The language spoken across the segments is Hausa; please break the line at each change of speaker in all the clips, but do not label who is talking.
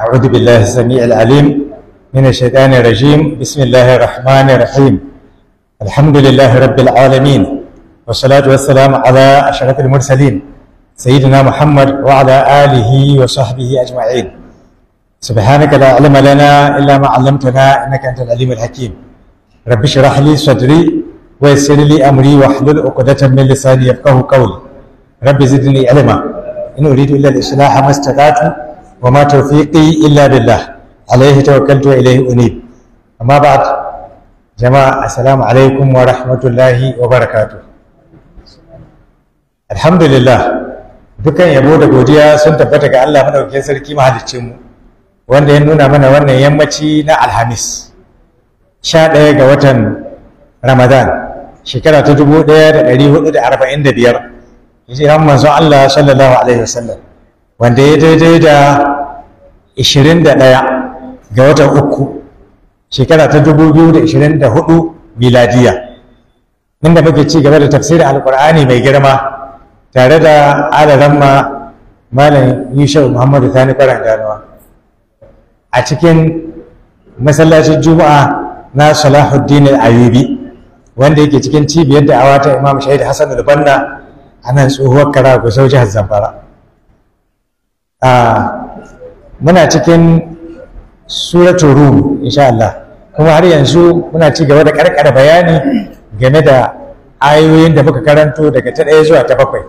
أعوذ بالله السميع العليم من الشيطان الرجيم بسم الله الرحمن الرحيم الحمد لله رب العالمين والصلاة والسلام على أشرف المرسلين سيدنا محمد وعلى آله وصحبه أجمعين سبحانك لا علم لنا إلا ما علمتنا إنك أنت العليم الحكيم رب اشرح لي صدري ويسر لي أمري واحلل عقدة من لساني يفقه قولي رب زدني علما إن أريد إلا الإصلاح ما استطعت وما توفيقي إلا بالله عليه توكلت وإليه أنيب أما بعد جماعة السلام عليكم ورحمة الله وبركاته الحمد لله dukkan yabo da godiya sun tabbata ga Allah madaukakin sarki mu wanda ya nuna mana wannan yammaci na alhamis 11 ga watan ramadan shekara ta dubu ɗaya da ɗari hudu da arba'in da biyar hijiran manzon Allah sallallahu alaihi wasallam wanda ya daidai da ishirin da ɗaya ga watan uku shekara ta dubu biyu da ishirin da hudu miladiya inda muke ci gaba da tafsirin alkur'ani mai girma tare da ma malam yusuf muhammadu thani kwaran ganuwa a cikin masallacin juma'a na salahuddin al-ayubi wanda yake cikin cibiyar da'awa ta imam shahid hassan al-banna a nan tsohuwar kara ku sau jihar zamfara muna cikin suratun rum insha Allah kuma har yanzu muna ci gaba da karkara bayani game da ayoyin da muka karanto daga ta ɗaya zuwa ta bakwai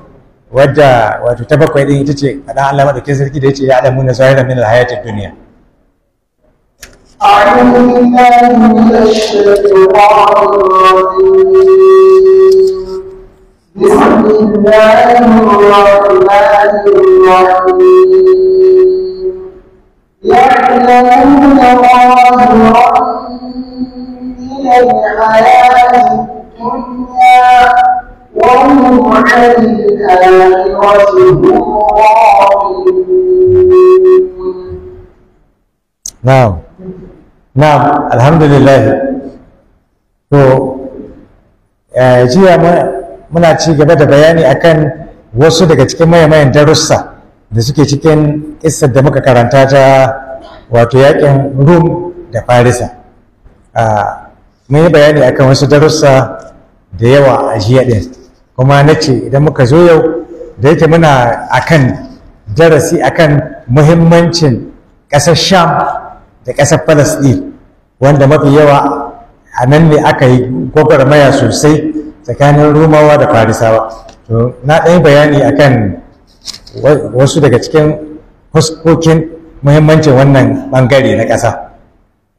wadda wato ta bakwai ɗin ita ce faɗan Allah maɗaukin sarki da ya ce ya adamu na zahirar min alhayatin duniya أعوذ بالله من الشيطان الرجيم بسم الله الرحمن الرحيم يعلمون ظاهرا من الحياة الدنيا وهم عن الآخرة هم غافلون Now, na alhamdulillah to jiya muna ci gaba da bayani akan wasu daga cikin mayamayan darussa da suke cikin ƙissar da muka karanta ta wato yakin rum da farisa mun yi bayani akan wasu darussa da yawa a jiya ɗin kuma na ce idan muka zo yau da yake muna akan darasi akan muhimmancin ƙasar sham da ƙasar falasɗin wanda mafi yawa a nan ne aka yi gwagwarmaya sosai tsakanin romawa da farisawa na ɗan bayani akan wasu daga cikin fuskokin muhimmancin wannan ɓangare na ƙasa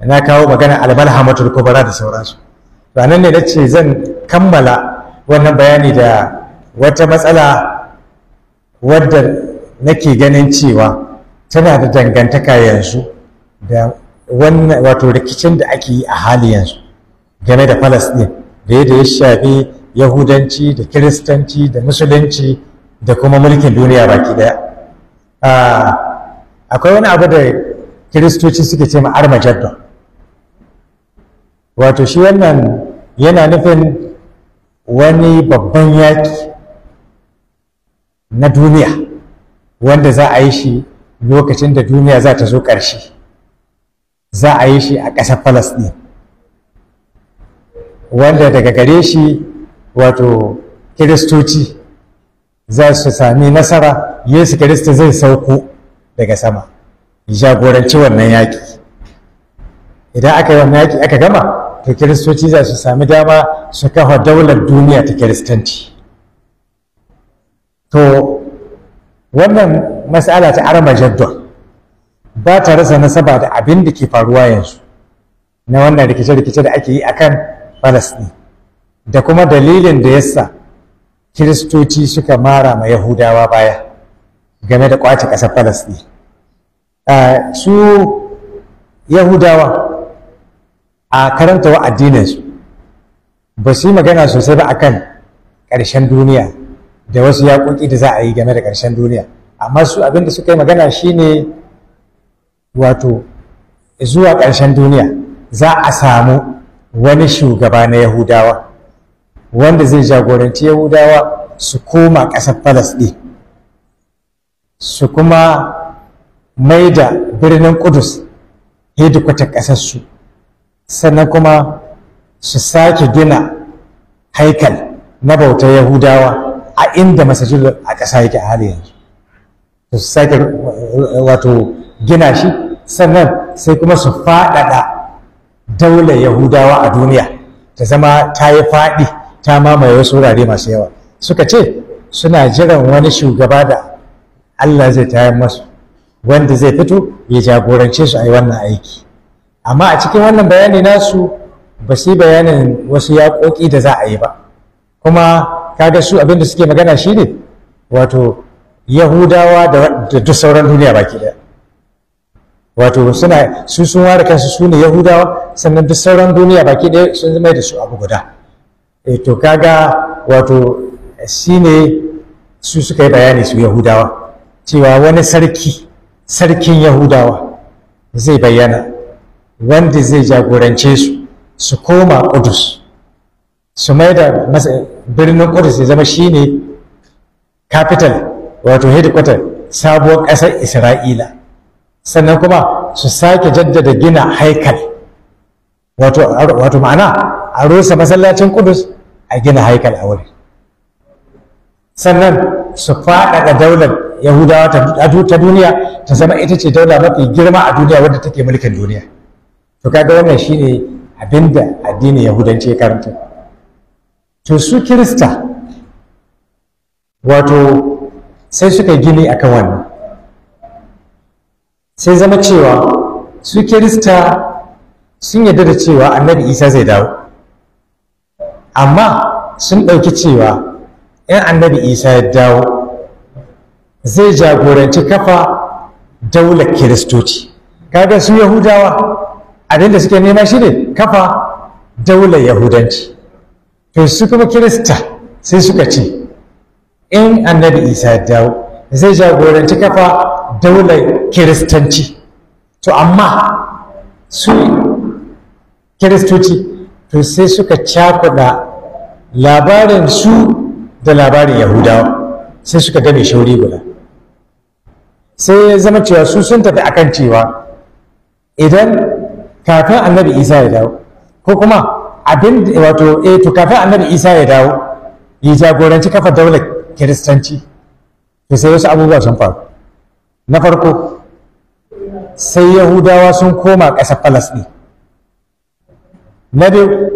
na kawo magana almalhamatul Kubara da sauransu Ba nan ne na ce zan kammala wannan bayani da wata matsala wadda nake ganin cewa tana da dangantaka yanzu da wannan wato rikicin da ake yi a hali yanzu game da Falasɗin da yadda ya shafi Yahudanci da Kiristanci da Musulunci da kuma mulkin duniya baki daya. Ah, akwai wani abu da Kiristoci suke ce ma Wato shi wannan yana nufin wani babban yaki na duniya wanda za a yi shi lokacin da duniya za ta zo ƙarshe. za a yi shi a ƙasar Falasɗin wanda daga gare shi wato kiristoci za su sami nasara yesu kiristi zai sauko daga sama jagoranci wannan yaƙi idan aka yi wannan yaƙi aka gama to kiristoci za su sami dama su kafa daular duniya ta kiristanci to wannan mas'ala ta armajaddon ba ta rasa nasaba da abin da ke faruwa yanzu na wannan rikice-rikice da ake yi a kan falasni da kuma dalilin da yasa kiristoci suka mara ma yahudawa baya game da kwace ƙasar falasɗin su yahudawa a karanta wa addininsu ba su yi magana sosai ba akan ƙarshen duniya da wasu yaƙoƙi da za a yi game da ƙarshen duniya amma su abin da suka yi magana shine wato zuwa ƙarshen duniya za a samu wani shugaba na yahudawa wanda zai jagoranci yahudawa su koma ƙasar falasɗi su kuma mai da birnin kudus hedikwatar ƙasarsu sannan kuma su sake gina haikal na bautar yahudawa a inda masajid a ƙasa yake a hali yanzu su sake wato gina shi sannan sai kuma su faɗaɗa daular yahudawa a duniya ta zama ta yi faɗi ta mamaye wasu wurare masu yawa suka ce suna jiran wani shugaba da allah zai tayar masu wanda zai fito ya jagorance su a yi wannan aiki amma a cikin wannan bayani nasu ba su yi bayanin wasu yaƙoƙi da za a yi ba kuma ka ga su abinda suke magana shine wato yahudawa da duk sauran duniya baki ɗaya wato suna su sun ware kansu su ne yahudawa sannan duk sauran duniya baki ɗaya sun zama da su abu guda e to kaga wato shi ne su suka yi bayani su yahudawa cewa wani sarki sarkin yahudawa zai bayyana wanda zai jagorance su su koma kudus su mai da birnin kudus ya zama shi ne capital wato headquarter sabuwar ƙasar isra'ila sannan kuma su sake jaddada gina haikal wato ma'ana a rusa masallacin kudus a gina haikal a wuri sannan su faɗaɗa daular yahudawa ta duniya ta zama ita ce daula mafi girma a duniya wadda take mulkin duniya to kaga wannan shine abinda addinin yahudanci ya karanta to su kirista wato sai suka gini akan wannan sai zama cewa su kirista sun yarda da cewa annabi isa zai dawo amma sun ɗauki cewa ‘yan annabi isa ya dawo zai jagoranci kafa daular kiristoci kaga su yahudawa abinda suke nema shi ne kafa daular yahudanci to su kuma kirista sai suka ce in annabi isa ya dawo zai jagoranci kafa daular kiristanci to amma su kiristoci to sai suka cakuɗa labarin su da labarin yahudawa sai suka game shauri guda sai ya zama cewa su sun tafi akan cewa idan kafin annabi isa ya dawo ko kuma abin wato eh to kafin annabi isa ya dawo ya jagoranci kafa daular kiristanci to sai wasu abubuwa sun faru na farko sai yahudawa sun koma ƙasar falasɗi na biyu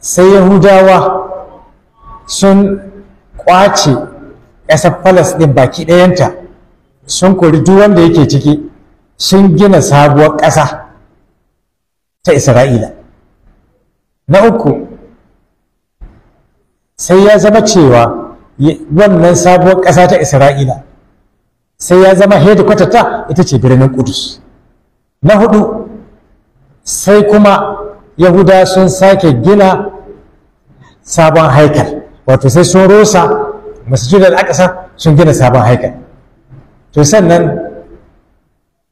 sai yahudawa sun ƙwace ƙasar falasɗin baki ɗayanta sun kori duk wanda yake ciki sun gina sabuwar ƙasa ta isra'ila na uku sai ya zama cewa wannan sabuwar ƙasa ta isra'ila sai ya zama headquarter kwatata ita ce birnin kudus na hudu sai kuma yahuda sun sake gina sabon haikal wato sai sun rosa masjidar akasa sun gina sabon haikal to sannan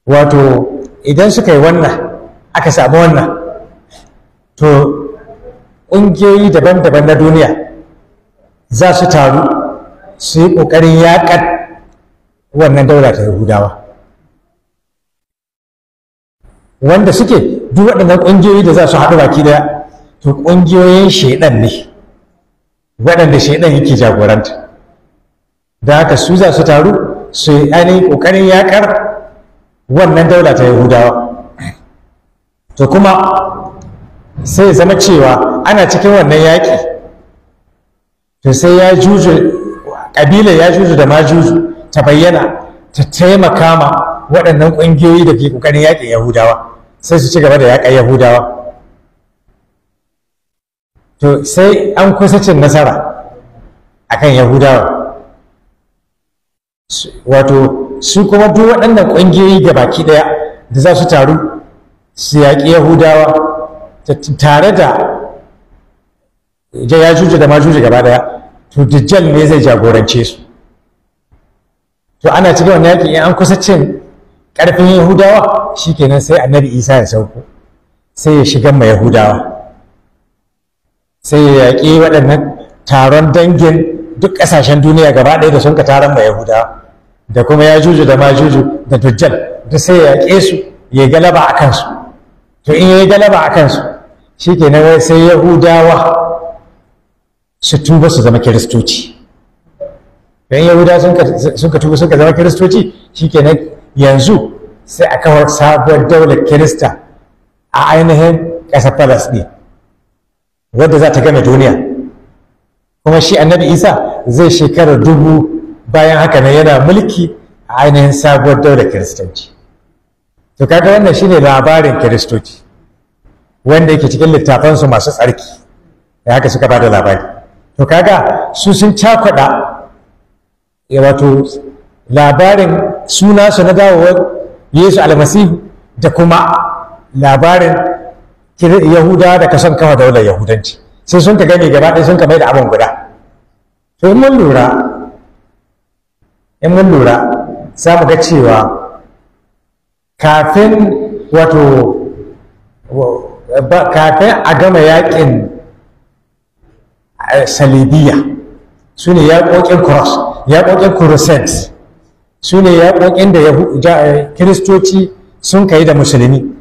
wato idan suka yi wannan aka samu wannan to ƙungiyoyi daban-daban na duniya za su taru su yi ƙoƙarin yaƙar wannan daula ta yahudawa wanda suke duk waɗannan ƙungiyoyi da za su haɗu baki ɗaya to ƙungiyoyin shaiɗan ne waɗanda shaiɗan yake jagoranta da haka su za su taru su yi ainihin ƙoƙarin yaƙar wannan daula ta yahudawa to kuma sai zama cewa ana cikin wannan yaƙi to sai ya juju ƙabila ya juju da ma juju ta bayyana ta taimaka ma waɗannan ƙungiyoyi da ke ƙoƙarin yaƙin yahudawa sai su ci gaba da yaƙa yahudawa to sai an kusa cin nasara kan yahudawa wato su kuma duk waɗannan ƙungiyoyi da baki ɗaya da za su taru su yaƙi yahudawa tare da ya ya juju da ma juju gaba daya to dijjal ne zai jagorance su to ana cikin wannan yaki in an kusa cin ƙarfin yahudawa shikenan sai annabi isa ya sauko sai ya shiga ma yahudawa sai ya yaƙi waɗannan taron dangin duk ƙasashen duniya gaba ɗaya da sun ka taron ma yahudawa da kuma ya juju da ma juju da dujjal da sai ya yaƙe su ya galaba a kansu to in ya yi galaba a kansu shikenan sai yahudawa su tuba su zama kiristoci don yahuda sun ka tuba sun zama kiristoci shikenan yanzu sai a kawar sabuwar daular kirista a ainihin ƙasar ne. wadda za ta game duniya kuma shi annabi isa zai shekarar dubu bayan haka na yana mulki a ainihin sabuwar daular kiristanci to kaga wannan shine labarin kiristoci wanda yake cikin littafansu masu tsarki da haka suka ba da labari to kaga su sun cakwada ya wato labarin suna su na dawowar yesu almasihu da kuma labarin yahuda da kasan kafa daular yahudanci sai sun ka gani gaba ɗaya sun ka mai da abin guda to in mun lura in mun lura za mu ga cewa kafin wato kafin a gama yakin Eh, salibiya su ne yaƙoƙin cross yaƙoƙin crusades su ne yaƙoƙin da eh, kiristoci sun kai da musulmi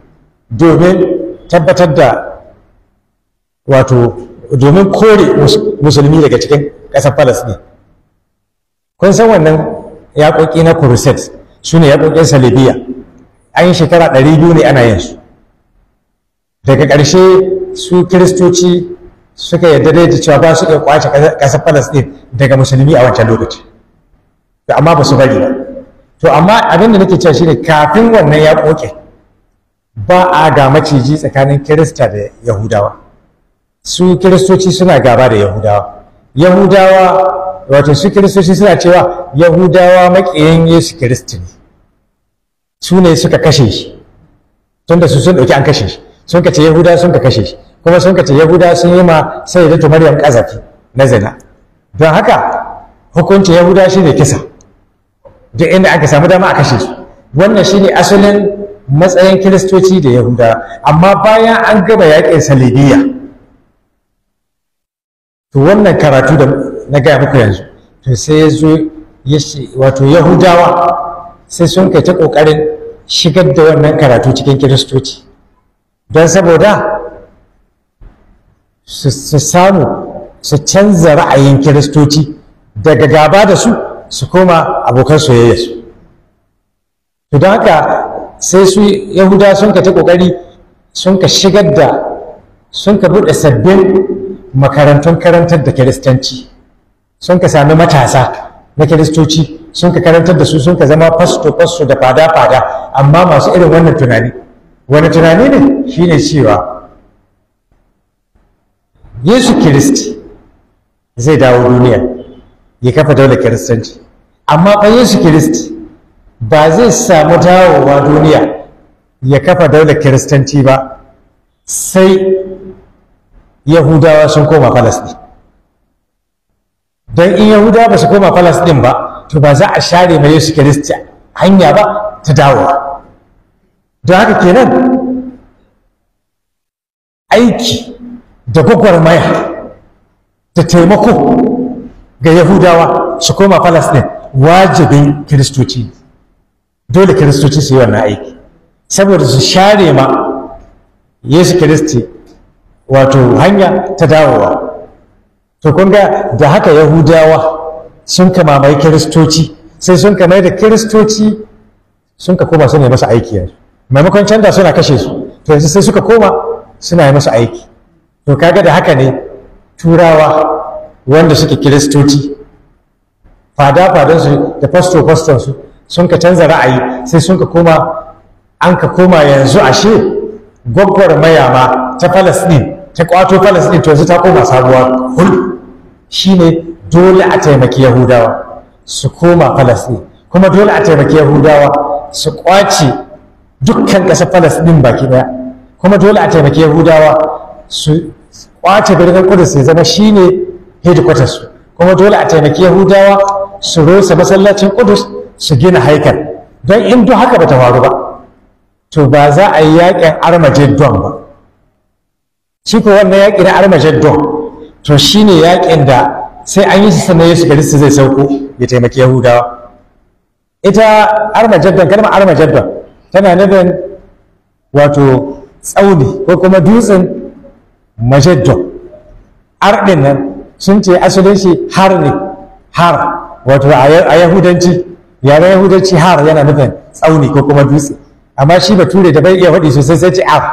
domin tabbatar da wato domin kore musulmi daga cikin ƙasar palestine kun san wannan yaƙoƙi na crusades su ne yaƙoƙin salibiya an yi shekara ɗari biyu ne ana yin su daga ƙarshe su kiristoci suka yarda da da cewa ba su iya kwace ƙasar Palestine daga musulmi a wancan lokaci to amma ba su bari ba to amma abin da nake cewa ne kafin wannan ya ƙoƙe, ba a ga maciji tsakanin Kirista da Yahudawa su Kiristoci suna gaba da Yahudawa Yahudawa wato su Kiristoci suna cewa Yahudawa maƙiyan Yesu Kiristi ne su ne suka kashe shi tunda su sun ɗauki an kashe shi sun ce Yahudawa sun ka kashe shi kuma sun kace yahuda sun yi ma sai da maryam kazafi na zina don haka hukuncin yahuda shi ne kisa duk inda aka samu dama a kashe su wannan ne asalin matsayin kiristoci da yahuda amma bayan an gaba yaƙin salibiya to wannan karatu da na gaya muku yanzu to sai ya zo wato yahudawa sai sun kai ta ƙoƙarin shigar da wannan karatu cikin kiristoci don saboda su samu su canza ra'ayin kiristoci daga gaba da su su koma abokan soyayya su to don haka sai su yahuda sun ka ta kokari sun ka shigar da sun ka buɗe sabbin makarantun karantar da kiristanci sun ka sami matasa na kiristoci sun ka karantar da su sun ka zama fasto fasto da fada fada amma masu irin wannan tunani wani tunani ne shine cewa yesu kiristi zai dawo duniya ya kafa daular kiristanci amma fa yesu kiristi ba zai samu dawowa duniya ya kafa daular kiristanci ba sai yahudawa sun koma falasɗin don in yahudawa ba su koma falasɗin ba to ba za a share mai yesu kiristi hanya ba ta dawowa don haka kenan aiki da gwagwarmaya da taimako ga yahudawa su koma falasne wajibin kiristoci dole kiristoci su yi wannan aiki saboda su share ma yesu kiristi wato hanya ta dawowa to kun ga da haka yahudawa sun kamamai kiristoci sai sun kama da kiristoci sun ka koma suna yi masa aiki yanzu maimakon canza suna kashe su to yanzu sai suka koma suna yi masa aiki to kaga da haka ne turawa wanda suke kiristoci fada-fadansu da fasto su sun ka canza ra'ayi sai sun ka koma an ka koma yanzu ashe gwaggwar mayama ta falasɗin ta kwato falasɗin to yanzu ta koma sabuwa hul shine dole a taimaki yahudawa su koma falasɗin kuma dole a taimaki yahudawa su kwace dukkan ƙasar falasɗin baki ɗaya kuma dole a taimaki yahudawa su kwace birnin kudus ya zama shi ne su kuma dole a taimaki yahudawa su rusa masallacin kudus su gina haikal don in duk haka bata faru ba to ba za a yi yaƙin armageddon ba shi ko wannan yaƙi na armageddon to shine yaƙin da sai an yi shi sannan yesu kiristi zai sauko ya taimaki yahudawa ita armageddon kalmar armageddon tana nufin wato tsauni ko kuma dutsen majeddo har din nan sun ce asalin shi har ne har wato a yahudanci yare yahudanci har yana nufin tsauni ko kuma dutse amma shi bature da bai iya faɗi sosai sai ce ar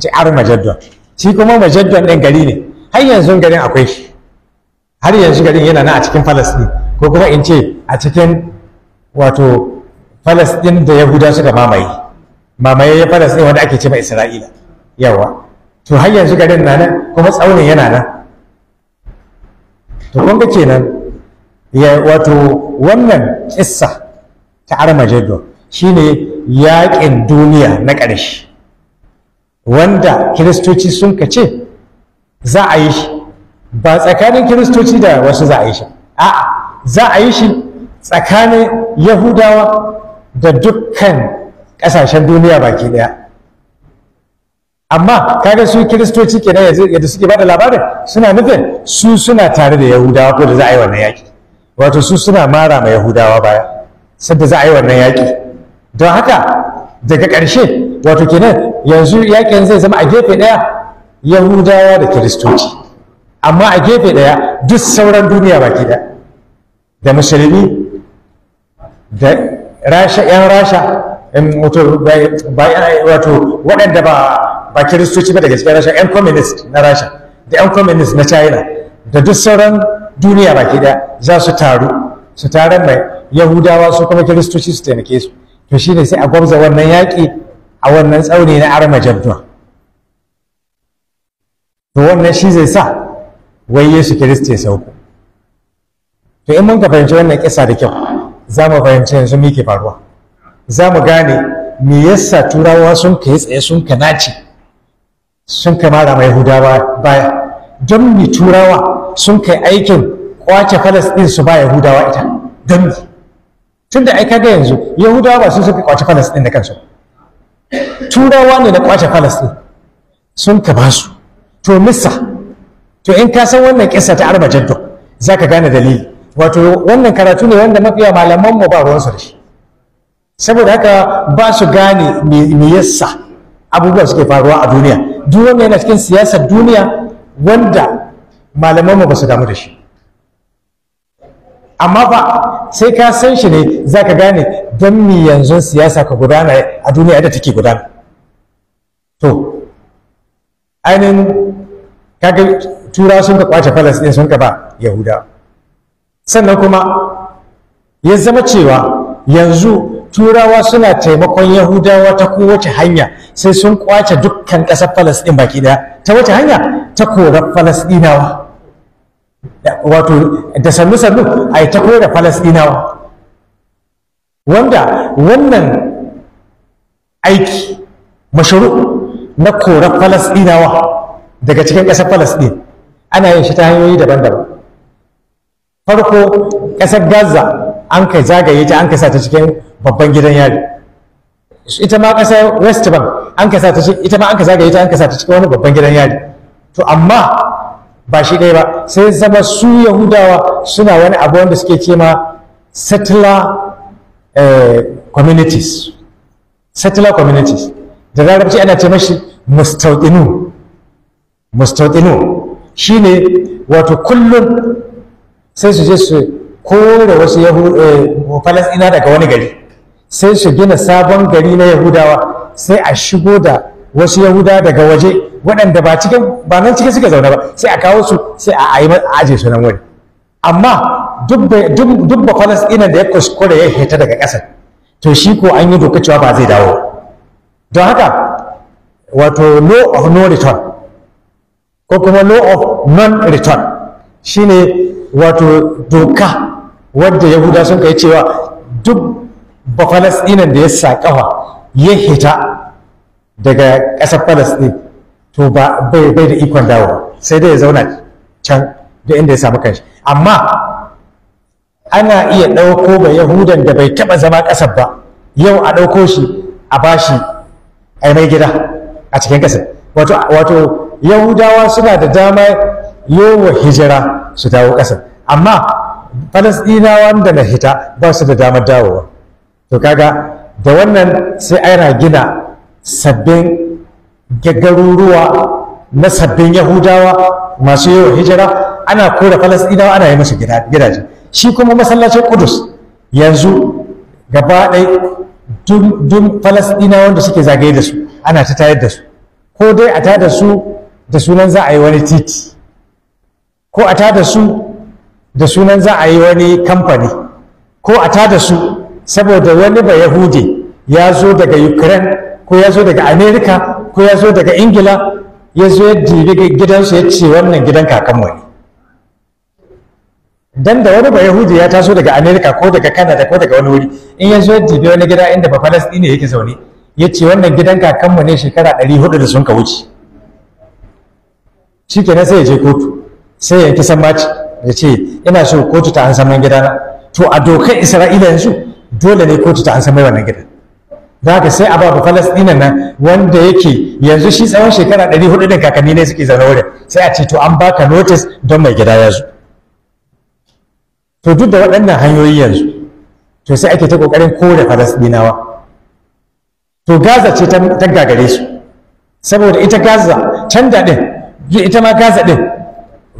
ce ar majaddon shi kuma majaddon ɗin gari ne har yanzu garin akwai shi har yanzu garin yana nan a cikin falasɗin ko kuma in ce a cikin wato falasɗin da yahuda suka mamaye mamaye ya falasɗin wanda ake ce ma isra'ila yawa to hanyar shiga din na nan kuma tsaunin yana nan to kun ga kenan ya wato wannan kissa ta armageddon shine yaƙin duniya na ƙarshe wanda kiristoci sun kace za a yi shi ba tsakanin kiristoci da wasu za a yi shi a'a za a yi shi tsakanin yahudawa da dukkan ƙasashen duniya baki ɗaya amma kaga su kiristoci kenan yanzu yadda suke bada labarin suna nufin su suna tare da yahudawa ko da za a yi wannan yaƙi wato su suna mara ma yahudawa baya sadda za a yi wannan yaƙi don haka daga ƙarshe wato kenan yanzu yaƙin zai zama a gefe ɗaya yahudawa da kiristoci amma a gefe ɗaya duk sauran duniya baki ɗaya da musulmi da rasha yan rasha wato waɗanda ba ba kiristoci ba daga cikin rasha yan communist na rasha da yan communist na china da duk sauran duniya baki daya za su taru su taron mai yahudawa su kuma kiristoci su taimake su to shine sai a gwamza wannan yaƙi a wannan tsauni na armajabdon to wannan shi zai sa wai yesu kiristi ya sauko to in mun ka fahimci wannan kisa da kyau za mu fahimci yanzu me ke faruwa za mu gane me yasa turawa sun kai tsaye sun ka nace sun kai mara mai hudawa baya don mi turawa sun kai aikin kwace falastin su ba yahudawa ita don mi tun da aika ga yanzu yahudawa ba su suka kwace falastin da kansu turawa ne na kwace falastin sun ka basu to misa to in ka san wannan kisa ta arba jaddo za ka gane dalili wato wannan karatu ne wanda mafiya malaman mu ba ruwansu da shi saboda haka ba su gane me yasa abubuwa suke faruwa a duniya duk wanda yana cikin siyasar duniya wanda malamanmu ba su damu da shi amma ba sai ka san shi ne za ka gane don mi yanzu siyasa ka gudana a duniya da take gudana to ainihin kaga tura sun ka kwace ɗin sun ka ba yahuda sannan kuma ya zama cewa yanzu turawa suna taimakon yahudawa ta kowace hanya sai sun kwace dukkan ƙasar falasɗin baki ɗaya ta wace hanya ta korar falasɗinawa wato da sannu sannu a yi ta korar falasɗinawa wanda wannan aiki mashuru na korar falasɗinawa daga cikin ƙasar falasɗin ana yin shi ta hanyoyi daban-daban farko ƙasar gaza an ka zagaye ta an ka sa ta cikin babban gidan yari ita ma ƙasar west bank an kasa ta ita ma an kasa ga ita an kasa ta cikin wani babban gidan yari to amma ba shi ɗaya ba sai zama su yahudawa suna wani abu wanda suke ce ma settler eh, communities settler communities da larabci ana ce mashi mustauɗinu mustauɗinu ne wato kullum sai su je su kore wasu eh, falasɗina daga wani gari sai su gina sabon gari na yahudawa sai a shigo da wasu yahuda daga waje waɗanda ba cikin ba nan cikin suke zaune ba sai a kawo su sai a ayi aje su nan wuri amma duk ba kwalas ina da ya kuskure ya heta daga ƙasar to shi ko an yi doka cewa ba zai dawo don haka wato law of no return ko kuma law of non return shine wato doka wadda yahuda sun kai cewa duk ba da ya sa ƙafa ya hita daga ƙasar Falasɗin to ba bai da ikon dawo sai dai ya zauna can da inda ya samu kanshi amma ana iya ɗauko ba Yahudan da bai taɓa zama ƙasar ba yau a ɗauko shi a bashi a mai gida a cikin ƙasar wato Yahudawa suna da dama yowa hijira su dawo ƙasar amma Falasɗinawa da na hita ba su da damar dawowa to kaga da wannan sai ana gina sabbin garuruwa na sabbin yahudawa masu yawan hijira ana kora falasɗinawa ana yi masa gidaje shi kuma masallacin kudus yanzu gaba ɗai dun falasɗinawa wanda suke zagaye da su ana ta tayar da su ko dai a tada su da sunan za a yi wani titi ko a tada su da sunan za a yi wani kamfani ko a tada su saboda wani ba yahudi ya zo daga ukraine ko ya zo daga amerika ko ya zo daga ingila ya zo ya dibi gidansu ya ce wannan gidan kakanmu ne dan da wani ba yahudi ya taso daga amerika ko daga canada ko daga wani wuri in ya zo ya dibi wani gida inda ba falastini yake zaune ya ce wannan gidan kakanmu ne shekara 400 da sun ka wuce shi kenan sai ya je kotu sai ya yanki sammaci ya ce ina so kotu ta an saman gidana to a dokar isra'ila yanzu dole ne kotu ta an san mai wannan gidan da haka sai a babu ba nan wanda yake yanzu shi tsawon shekara 400 din kakanni ne suke zaune wurin sai a ce to an baka notice don mai gida ya zo to duk da waɗannan hanyoyi yanzu to sai ake ta kokarin kore falastinawa to gaza ce ta gagare su saboda ita gaza can da ɗin ita ma gaza ɗin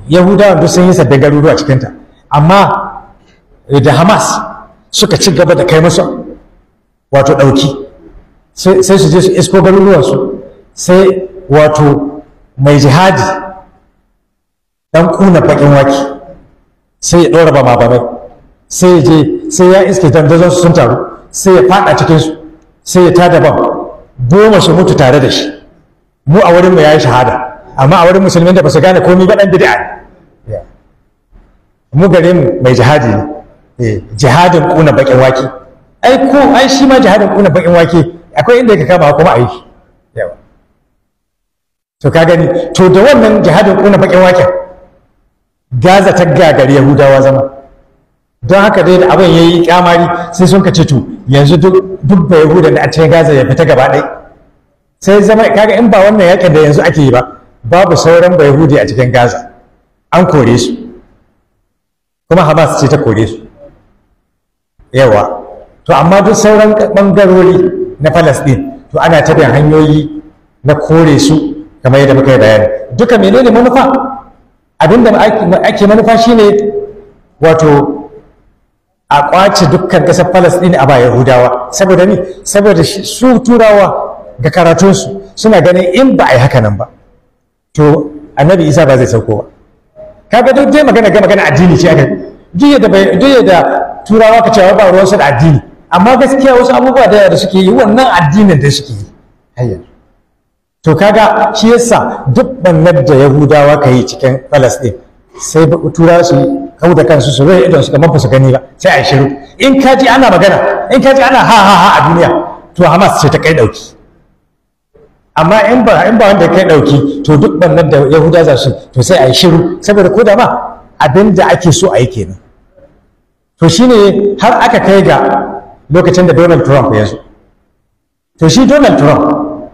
Yahudawa duk sun yi sabbin garuruwa cikinta amma da hamas suka ci gaba da kai masa wato ɗauki sai su je su isko garuruwansu sai wato mai jihadi ɗan kuna baƙin waki sai ya ɗora ba ma bane sai ya je sai ya iske dandazon sun taru sai ya faɗa cikinsu sai ya tada bam goma su mutu tare da shi mu a wurinmu ya yi shahada amma a wurin musulmin da ba su gane komai ba ɗan bid'a ne mu gare mu mai jihadi ne Eh, jihadin kuna bakin wake ai ko ai shi ma jihadin kuna bakin wake akwai inda ka kama kuma ai yawa to ka gani to da wannan jihadin kuna bakin wake gaza ta gagari yahudawa zama don haka dai da abin yayi kamari sai sun ka ce to yanzu duk bai yahudan da a cikin gaza ya fita gaba ɗaya sai zama kaga in ba wannan yakin da yanzu ake yi ba babu sauran ba yahudi a cikin gaza an kore su kuma hamas ce ta kore su yawa to amma duk sauran ɓangarori na falasɗin to ana ta bin hanyoyi na kore su kamar yadda muka yi bayani duka menene manufa abinda ake manufa shine wato a kwace dukkan ƙasar falasɗin a ba yahudawa saboda ni saboda su turawa ga karatunsu suna ganin in ba a yi haka ba to annabi isa ba zai sauko ba kaga duk dai magana ga magana addini ce aka duk yadda turawa ka cewa ba ruwansu da addini amma gaskiya wasu abubuwa da suke yi wannan addinin da suke yi hayyar to kaga shi yasa duk bannar da yahudawa ka yi cikin falastin sai ba turawa su kau da kansu su rai idon su kamar ba su gani ba sai a shiru in ka ji ana magana in ka ji ana ha ha ha a duniya to hamas ce ta kai dauki amma in ba in ba wanda kai dauki to duk bannar da yahudawa za su to sai a yi shiru saboda ko da ma abin da ake so a yi kenan to shine har aka kai ga lokacin da Donald Trump ya zo to shi Donald Trump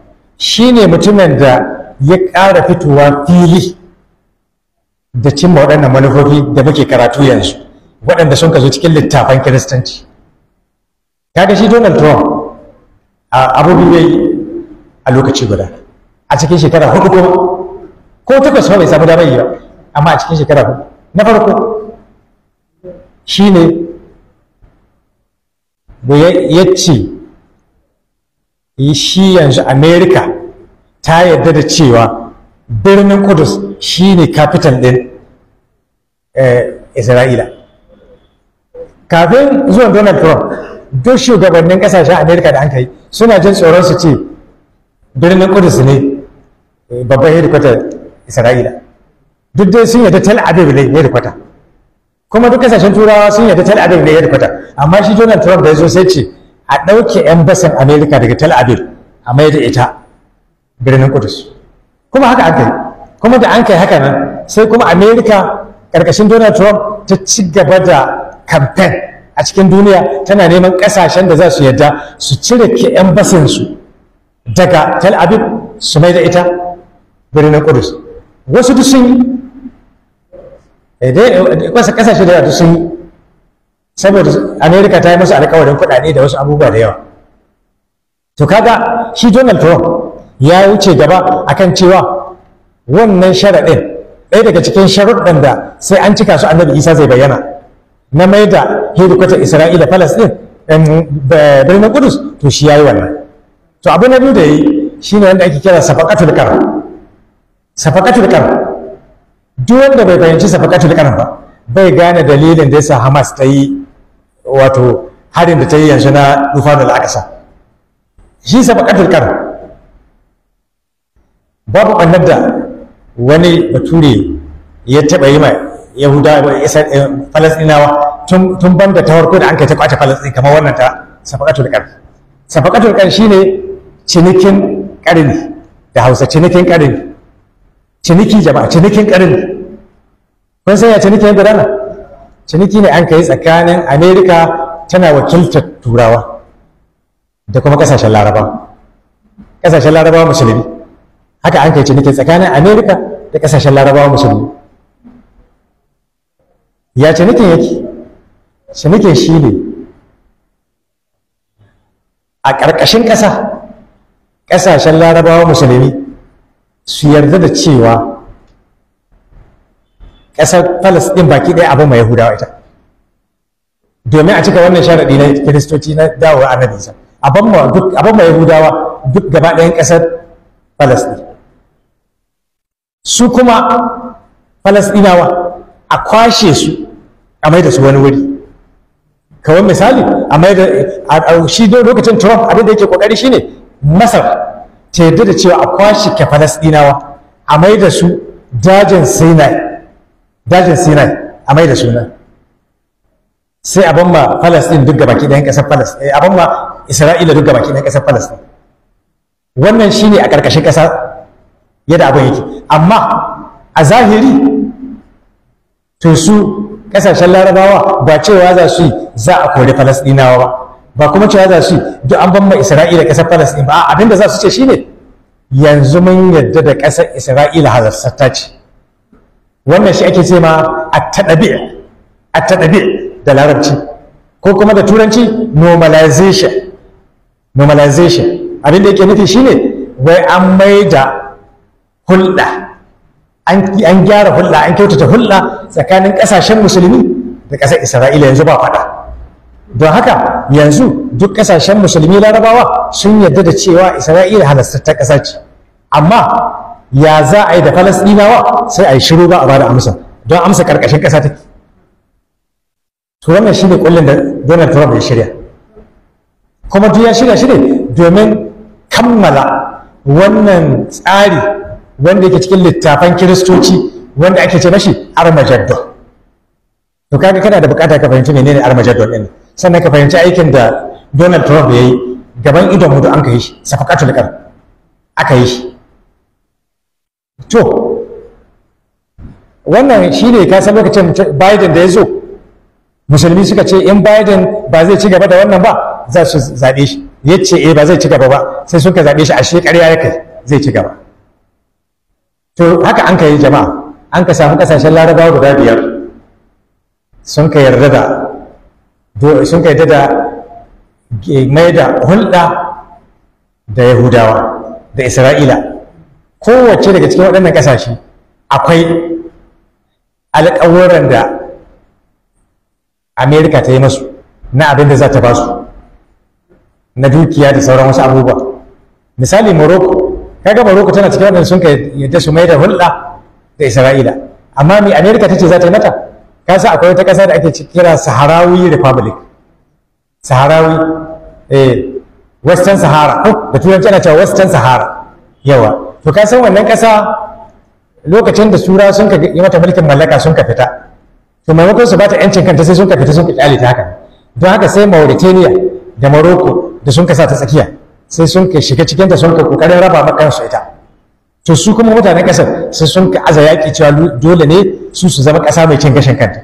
shine mutumin da ya ƙara fitowa fili da cimma waɗannan manufofi da muke karatu yanzu waɗanda sun ka zo cikin littafan kiristanci kaga shi Donald Trump a abubuwa a lokaci guda a cikin shekara hukukun ko takwas ma bai samu damar yi ba amma a cikin shekara hukukun na farko shi ne ce shi yanzu amerika ta yarda da cewa birnin kudus shi ne capital ɗin eh, isra'ila kafin zuwan donald trump duk shugabannin kasashen amerika da hankali suna jin tsoron su ce birnin kudus ne eh, babban hedikwata isra'ila duk dai sun yarda tel aviv ne hedikwata kuma duk kasashen turawa sun yarda tel aviv ne ya kwata amma shi donald trump da ya zo sai ce a ɗauke 'yan basan america daga tel aviv a mai da ita birnin kudus kuma haka aka yi kuma da an kai haka nan sai kuma Amerika, ƙarƙashin donald trump ta ci gaba da kamfen a cikin duniya tana neman ƙasashen da za su yarda su cire 'yan su daga tel aviv su mai da ita birnin kudus wasu duk Eh, eh, Kasa kasashe da yawa sun yi saboda amerika ta yi musu alkawarin kuɗaɗe da wasu abubuwa da yawa to kaga shi donald trump ya wuce gaba akan cewa wannan sharaɗin ɗaya daga cikin sharuɗɗan da sai an cika su annabi isa zai bayyana na mai da hedikwatar isra'ila palestine birnin kudus to shi ya yi wannan to abu na biyu da ya yi shine wanda ake kira safakatul kar safakatul kar duk wanda bai fahimci safakatul karam ba bai gane dalilin da yasa Hamas ta yi wato harin da ta yi yanzu na Dufanul Aqsa shi safakatul babu ɓannar da wani bature ya taɓa yi ma Yahudawa eh, Falasɗinawa tun ban da ta da an kai ta kwace Falasɗin kamar wannan ta safakatul karam safakatul karam shine cinikin ƙarni da Hausa cinikin ƙarni ciniki jama'a cinikin ƙarin kun san ya ciniki yadda rana ciniki ne an kai tsakanin amerika tana wakiltar turawa da kuma ƙasashen laraba ƙasashen laraba musulmi haka an kai ciniki tsakanin amerika da ƙasashen laraba musulmi ya cinikin yake cinikin shi ne a ƙarƙashin ƙasa ƙasashen larabawa musulmi su yarda da cewa ƙasar Falasɗin baki ɗaya abin mai Yahudawa ita domin a cika wannan sharaɗi na kiristoci na dawowa a Isa abin duk mai Yahudawa duk gaba ɗayan ƙasar Falasɗin su kuma Falasɗinawa a kwashe su a mai da su wani wuri kawai misali a mai da shi lokacin Trump abin da yake kokari shine Masar ta yadda da cewa a kwashi ke falasɗinawa a mai da su dajin sinai dajin sinai a mai da suna sai a ma falasɗin duk gaba ki ɗayan ƙasar falasdin eh, a ma isra'ila duk gaba ki ɗayan ƙasar falasɗin wannan shi ne a ƙarƙashin ƙasa yadda abin yake amma a zahiri to su ƙasashen larabawa ba cewa za su yi za a kori falasɗinawa ba ba kuma cewa za su duk an ban ma isra'ila ƙasar palestine ba abin da za su ce shi ne? yanzu mun yadda da ƙasar isra'ila hazarsarta ce wannan shi ake ce ma a taɗaɓe da larabci ko kuma da turanci normalization normalization abin da yake nufi shine wai an mai da hulɗa an gyara hulɗa an kyautata hulɗa tsakanin ƙasashen musulmi da ƙasar isra'ila yanzu ba faɗa don haka yanzu duk ƙasashen musulmi larabawa sun yarda da cewa isra'ila halastatta ƙasa ce amma ya za a yi da falasɗinawa sai a yi shiru ba a bada amsa don amsa ƙarƙashin ƙasa take to wannan shine kullum da donald trump ya shirya kuma duk ya shirya shi ne domin kammala wannan tsari wanda yake cikin littafan kiristoci wanda ake ce mashi armageddon to kaga kana da bukata ka fahimci menene armageddon din sannan ka fahimci aikin da donald trump ya yi gaban idon hudu an ka yi shi safakatul kar aka yi shi to wannan shi ne ka san lokacin biden da ya zo musulmi suka ce in biden ba zai ci gaba da wannan ba za su zaɓe shi ya ce eh ba zai ci gaba ba sai suka zaɓe shi a ƙarya ya kai zai ci gaba to haka an ka yi jama'a an ka samu ƙasashen larabawa guda biyar sun ka yarda da sun kai da mai da hulɗa da yahudawa da isra'ila kowace daga cikin waɗannan ƙasashe akwai alƙawuran da amerika ta yi masu na abin da za ta ba su na dukiya da sauran wasu abubuwa misali morocco kaga morocco tana cikin waɗanda sun kai yadda su mai da hulɗa da isra'ila amma mai amerika ta ce za ta yi mata ka sa akwai wata ƙasa da ake kira saharawi republic saharawi eh western sahara ko oh, da turanci ana cewa western sahara yawa to ka san wannan ƙasa lokacin da sura sun ka yi mata mulkin mallaka sun ka fita to maimakon su bata yancin kanta sai sun ka fita sun ka kyale ta haka don haka sai mauritania da morocco da sun ka sa ta tsakiya sai sun ka shiga cikinta sun ka kokarin raba kansu ita to su kuma mutanen kasar sai sun ka aza yaƙi cewa dole ne su su zama ƙasa mai cin gashin kanta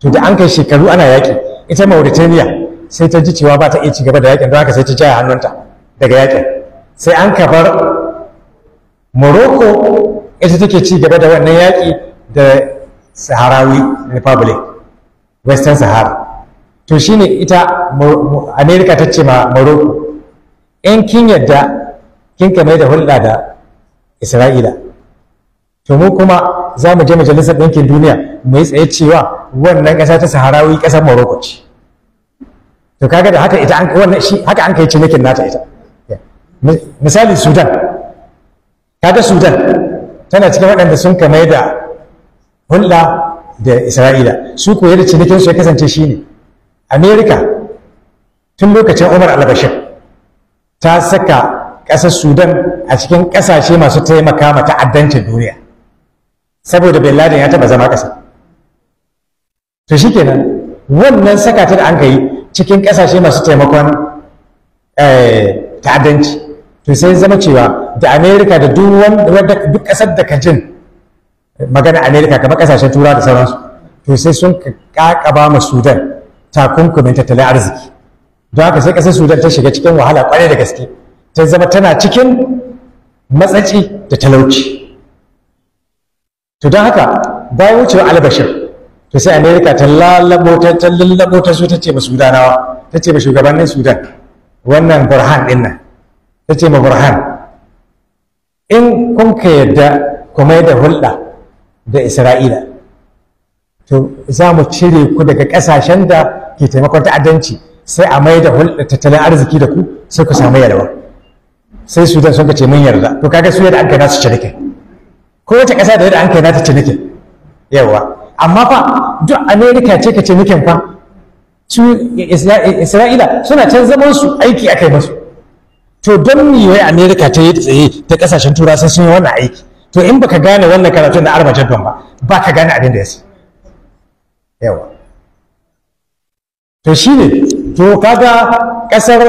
to da an kai shekaru ana yaƙi ita mauritania sai ta ji cewa ba ta iya cigaba da yaƙin don haka sai ta jaya hannunta daga yaƙin sai an ka bar morocco ita take ci gaba da wannan yaƙi da saharawi republic western sahara to shine ita america ta ce ma morocco in kin yadda kin kame da hulɗa da isra'ila to mu kuma za mu je majalisar ɗinkin duniya mu yi tsaye cewa wannan ƙasa ta saharawi ƙasar morocco ce to kaga da haka ita wannan shi haka an kai cinikin nata ita misali sudan kaga sudan tana cikin waɗanda sun kama da hulɗa da isra'ila su koyar da cinikin su ya kasance shi ne amerika tun lokacin umar al-bashir ta saka ƙasar sudan a cikin ƙasashe masu taimaka ma ta'addancin duniya saboda bin laden ya taɓa zama ƙasa to shikenan wannan saka ta da an yi cikin ƙasashe masu taimakon eh, ta'addanci to sai zama cewa da amerika da duk ƙasar da ka jin magana amerika kamar ƙasashen tura da sauransu to sai sun ƙaƙaba ma sudan takunkumin tattalin arziki don haka sai ƙasar sudan ta shiga cikin wahala ƙwarai da gaske ta zama tana cikin matsaci da talauci to don haka bayan wucewa albashir to sai amerika ta lallabo ta lallabo ta so ta ce ma sudanawa ta ce ma shugabannin sudan wannan burhan din nan ta ce ma burhan in kun ka yadda ku mai da hulɗa da isra'ila to za mu cire ku daga ƙasashen da ke taimakon ta'addanci sai a mai da hulɗa tattalin arziki da ku sai ku samu yalwa sai sudan sun ce mun yarda to kaga su yadda an kai nasu ciniki ko wata ƙasa da yadda an kai nasu ciniki yawa amma fa duk amerika ce ka cinikin fa su isra'ila suna can zaman su aiki akai masu to don ni wai amerika ta yi tsaye ta kasashen tura sai sun yi wannan aiki to in baka gane wannan karatun da arba jaddon ba ba ka gane abin da ya yawa to shine to kaga kasar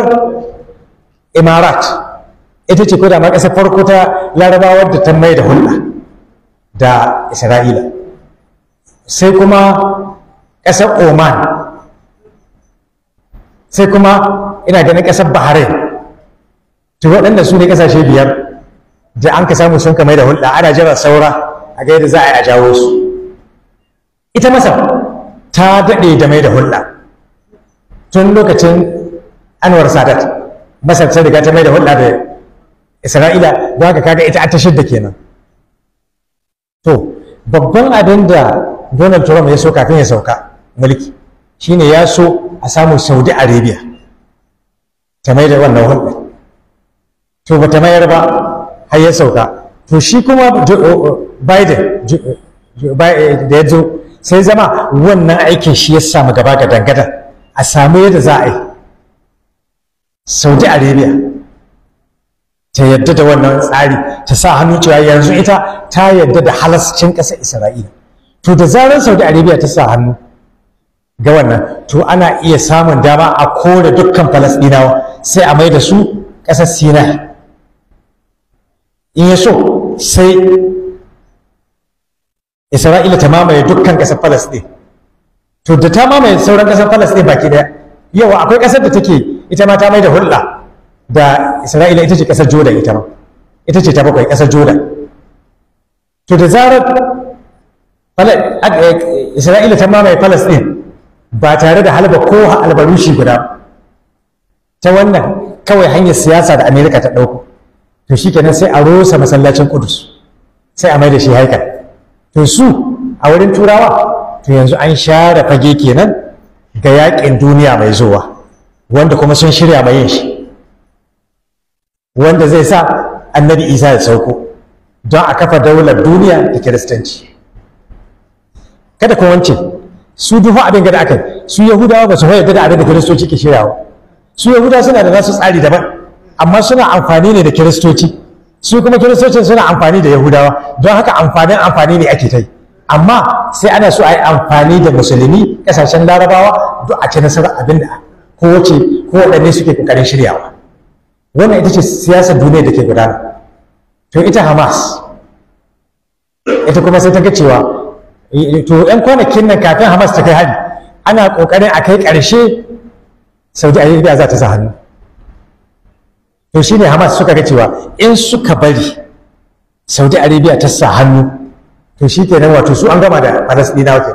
imarat ita ce ko da ma ƙasar farko ta larabawa da ta mai da hulɗa da isra'ila sai kuma ƙasar oman sai kuma ina ganin ƙasar bahrain to waɗanda su ne ƙasashe biyar da an ka samu sun ka da hulɗa ana jira saura a ga yadda za a yi a jawo su ita masar ta daɗe da mai da hulɗa tun lokacin anwar sadat masar ta riga ta mai da hulɗa da isra'ila za ka kaga ita ta tashar da kenan to babban abin da donald trump ya so kafin ya sauka mulki shine ya so a samu saudi arabia ta mai da wannan hulɗa to ba ta mayar ba har ya sauka to shi kuma uh, uh, biden eh, da ya zo sai zama wannan aikin shi ya samu gaba ga dangada a samu yadda za a yi saudi arabia ta yadda da wannan tsari ta sa hannu cewa yanzu ita ta yadda da halascin ƙasa isra'ila to da zarar saudi arabia ta sa hannu ga wannan to ana iya samun dama a kore dukkan falasɗinawa sai a mai da su ƙasar sinai in ya so sai isra'ila ta mamaye dukkan ƙasar falasdin to da ta mamaye sauran ƙasar falasdin baki ɗaya yau akwai ƙasar da take ita ma ta mai da hulɗa da isra'ila ita ce kasar jordan ita ma ita ce ta bakwai kasar jordan to da zarar isra'ila ta mamaye palestine ba tare da halba ko albarushi guda ta wannan kawai hanyar siyasa da amerika ta ɗauko to shi kenan sai a rosa masallacin kudus sai a mai da shi haika to su a wurin turawa to yanzu an share fage kenan ga yaƙin duniya mai zuwa wanda kuma sun shirya mai yin shi wanda zai sa annabi isa ya sauko don a kafa daular duniya da kiristanci kada kuma wance su duhu abin gada aka su yahudawa ba su yarda da abin da kiristoci ke shirawa su yahudawa suna da nasu tsari daban amma suna amfani ne da kiristoci su kuma kiristocin suna amfani da yahudawa don haka amfanin amfani ne ake ta yi amma sai ana so a yi amfani da musulmi kasashen larabawa duk a ci nasarar abin da kowace ko suke ƙoƙarin shiryawa wannan ita ce siyasar duniya da ke gudana to ita hamas ita kuma sai ta ga cewa to yan kwanakin nan kafin hamas ta kai hari ana kokarin a kai ƙarshe saudi arabia za ta sa hannu to shine hamas suka ga cewa in suka bari saudi arabia ta sa hannu to shi kenan wato su an gama da palestinawa wake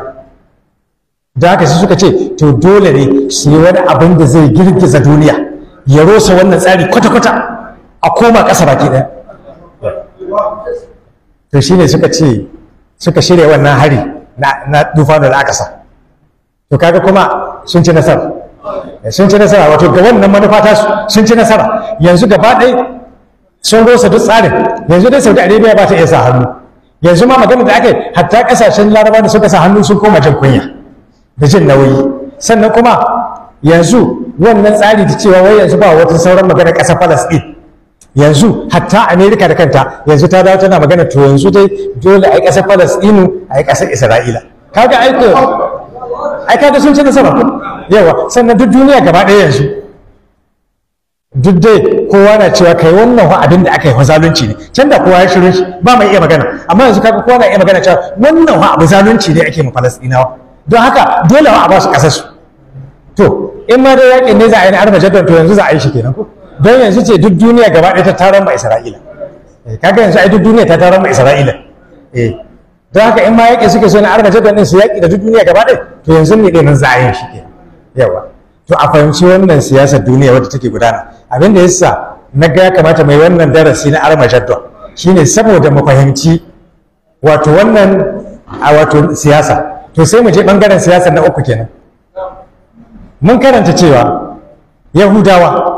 da haka su suka ce to dole ne su yi wani abin da zai girgiza duniya ya rosa wannan tsari kwata-kwata a koma ƙasa baki ɗaya to shi ne suka ce suka shirya wannan hari na tufano da sa to kaga kuma sun ci nasara sun ci nasara wato ga wannan manufa ta sun ci nasara yanzu gaba ɗaya sun rosa duk tsarin yanzu dai saudi arabia ba ta iya sa hannu yanzu ma magana da aka yi hatta ƙasashen laraba da suka sa hannu sun koma jin kunya da jin nauyi sannan kuma yanzu wannan tsari da cewa wai yanzu ba wata sauran magana ƙasar Falasɗin yanzu hatta Amerika da kanta yanzu ta dawo tana magana to yanzu dai dole a yi ƙasar Falasɗinu a yi ƙasar Isra'ila kaga aiko ai kaga sun ci nasara yawa sannan duk duniya gaba ɗaya yanzu duk dai kowa na cewa kai wannan fa abin da aka yi zalunci ne can da kowa ya shirin shi ba mai iya magana amma yanzu kaga kowa na iya magana cewa wannan fa abu zalunci ne ake ma Falasɗinawa don haka dole a ba su ƙasar su to in ma dai yakin ne za a yi na arfa to yanzu za a yi shi kenan ko don yanzu ce duk duniya gaba ɗaya ta taron ba isra'ila eh, kaga yanzu ai duk duniya ta taron ba isra'ila eh don haka in ma yaƙi suke so na arfa jaddan ɗin su yaƙi da duk duniya gaba ɗaya to yanzu ne ɗin za a yi shi kenan yawa to a fahimci wannan siyasar duniya wadda take gudana abin da yasa na ga ya kamata mai wannan darasi na armajaddon shine saboda mu fahimci wato wannan a wato siyasa to sai mu je bangaren siyasa na uku kenan mun karanta cewa yahudawa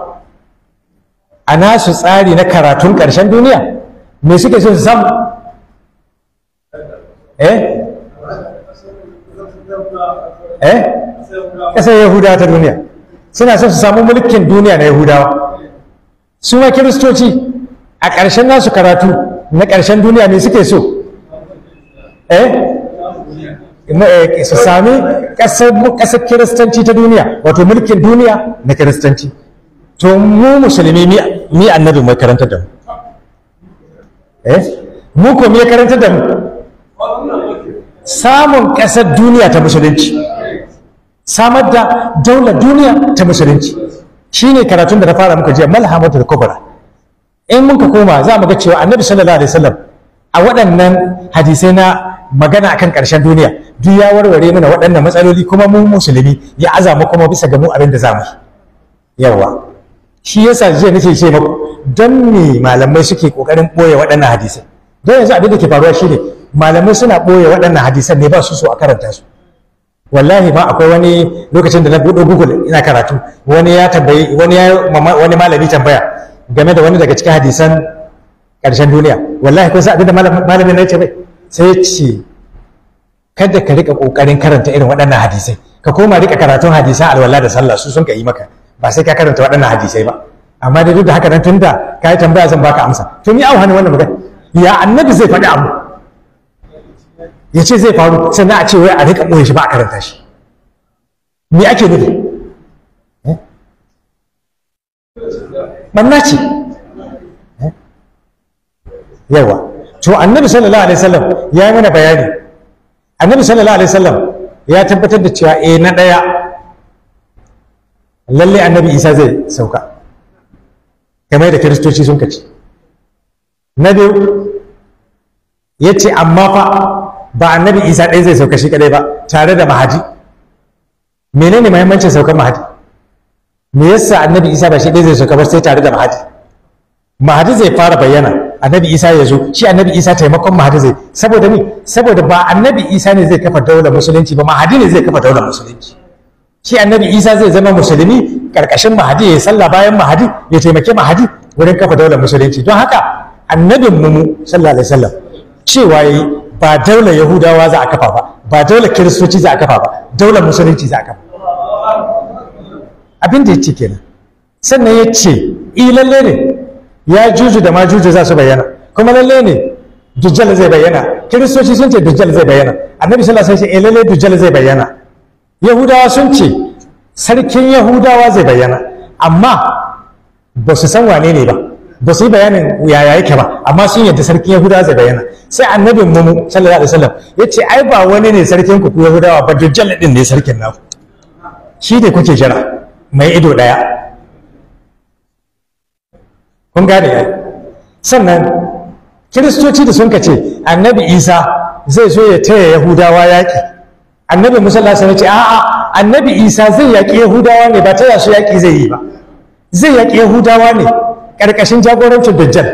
a nasu tsari na karatun ƙarshen duniya me suke so su samu eh eh ƙasar yahudawa ta duniya suna son su samu mulkin duniya na yahudawa su ma kiristoci a ƙarshen nasu karatu na ƙarshen duniya me suke so eh su sami ƙasar kiristanci ta duniya wato mulkin duniya na kiristanci to mu musulmi mi annabi mai karanta da mu eh? mu ko mai karanta da mu samun ƙasar duniya ta musulunci samar da daular duniya ta musulunci shine karatun da ta fara muka jiya da kubra in muka koma za mu ga cewa annabi sallallahu alaihi wasallam a waɗannan hadisai na magana akan ƙarshen duniya duk ya warware mana waɗannan matsaloli kuma mu musulmi ya azama kuma bisa ga mu abin da zamu yawa shi yasa jiya nake ce maku don me malamai suke kokarin boye waɗannan hadisai don yanzu abin da ke faruwa shine malamai suna boye waɗannan hadisan ne ba su so a karanta su wallahi ba akwai wani lokacin da na buɗe google ina karatu wani ya tambayi wani ya wani malami tambaya game da wani daga cikin hadisan ƙarshen duniya wallahi kun san abin da malamin na ce bai sai ce kada ka rika kokarin karanta irin waɗannan hadisai ka koma rika karatun hadisan alwala da sallah su sun ka yi maka ba sai ka karanta waɗannan hadisai ba amma da duk da haka nan tunda ka yi tambaya zan baka amsa to ni auhani wannan magana ya annabi zai faɗi abu ya ce zai faru sannan a ce wai a rika ɓoye shi ba a karanta shi me ake nufi ɓanna eh? ce eh? yawa to annabi sallallahu alaihi wasallam ya mana bayani annabi sallallahu alaihi wasallam ya tabbatar da cewa eh na daya lalle annabi isa zai sauka kamar da kiristoci sun kace na biyu ya ce amma fa ba annabi isa ɗaya zai sauka shi kadai ba tare da mahadi menene mahimmancin saukar mahadi me yasa annabi isa ba shi ɗaya zai sauka ba sai tare da mahadi mahadi zai fara bayyana annabi isa ya zo shi annabi isa taimakon mahadi zai saboda ni saboda ba annabi isa ne zai kafa daular musulunci ba mahadi ne zai kafa daular musulunci shi annabi isa zai zama musulmi karkashin mahadi ya sallah bayan mahadi ya taimake mahadi wurin kafa daular musulunci don haka annabin mu sallallahu alaihi wasallam cewa yi ba daular yahudawa za a kafa ba ba daular kiristoci za a kafa ba daular musulunci za a kafa abin da ya ce kenan sannan ya ce i eh, ne ya juju da ma za su bayyana kuma lalle ne dujjal zai bayyana kiristoci sun ce dujjal zai bayyana annabi sallallahu alaihi wasallam eh, lalle dujjal zai bayyana yahudawa sun ce sarkin yahudawa zai bayyana amma ba su san wane ne ba ba su yi bayanin yaya yake ba amma sun yadda sarkin yahudawa zai bayyana sai annabin mu sallallahu alaihi wasallam ya ce ai ba wani ne sarkin ku yahudawa ba dujjal din ne sarkin naku shi ne kuke jira mai ido daya kun gane ya sannan kiristoci da sun ka ce annabi isa zai zo ya taya yahudawa yaƙi annabi musa lasa ce a'a annabi isa zai yaƙi yahudawa ne ba taya su yaƙi zai yi ba zai yaƙi yahudawa ne ƙarƙashin jagorancin dajjal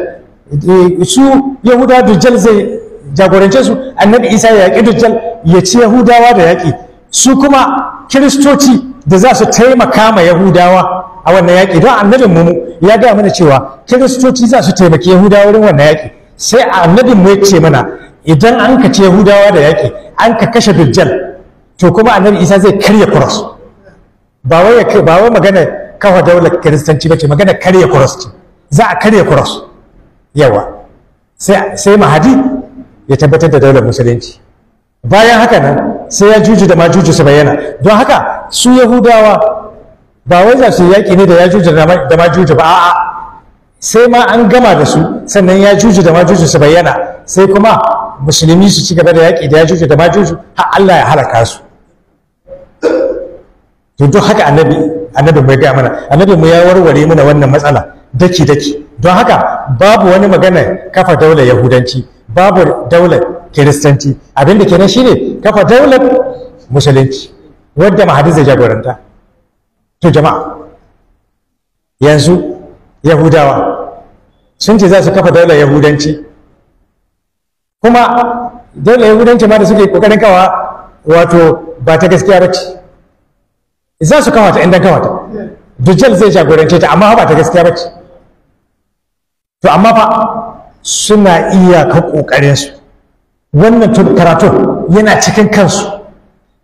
eh, su yahudawa dajjal zai jagorance su annabi isa ya yaƙi dajjal ya ci yahudawa da yaƙi su kuma kiristoci da za su taimaka ma yahudawa a wannan yaƙi don annabin mu ya gaya mana cewa kiristoci za su taimaki yahudawa wurin wannan yaƙi sai annabin mu ya ce mana idan an ka ce yahudawa da yaƙi an ka kashe dajjal to kuma annabi isa zai karya kuras ba wai ba wai magana kafa daular kiristanci bace magana karya kuras ce za a karya kuras yawa sai sai mahadi ya tabbatar da daular musulunci bayan haka nan sai ya juju da majuju su bayyana don haka su yahudawa ba wai za su yaƙi ne da ya juji da ma juji ba a'a sai ma an gama da su sannan ya juji da ma juji su bayyana sai kuma musulmi su ci gaba da yaƙi da ya juji da ma juji har Allah ya halaka su to duk haka annabi annabi mai gaya mana annabi mu ya warware mana wannan matsala daki daki don haka babu wani magana kafa daular yahudanci babu daular kiristanci abinda kenan shine kafa daular musulunci wadda mahadisa jagoranta to jama'a yanzu yahudawa sun ce za su kafa daular yahudanci kuma daular yahudanci ma da suke kokarin kawa wato ba ta gaskiya ba ce za su kawa ta indan kawa ta dujjal zai jagorance ta amma ba ta gaskiya ba ce to amma fa suna iyaka kokarinsu wannan tun karatu yana cikin kansu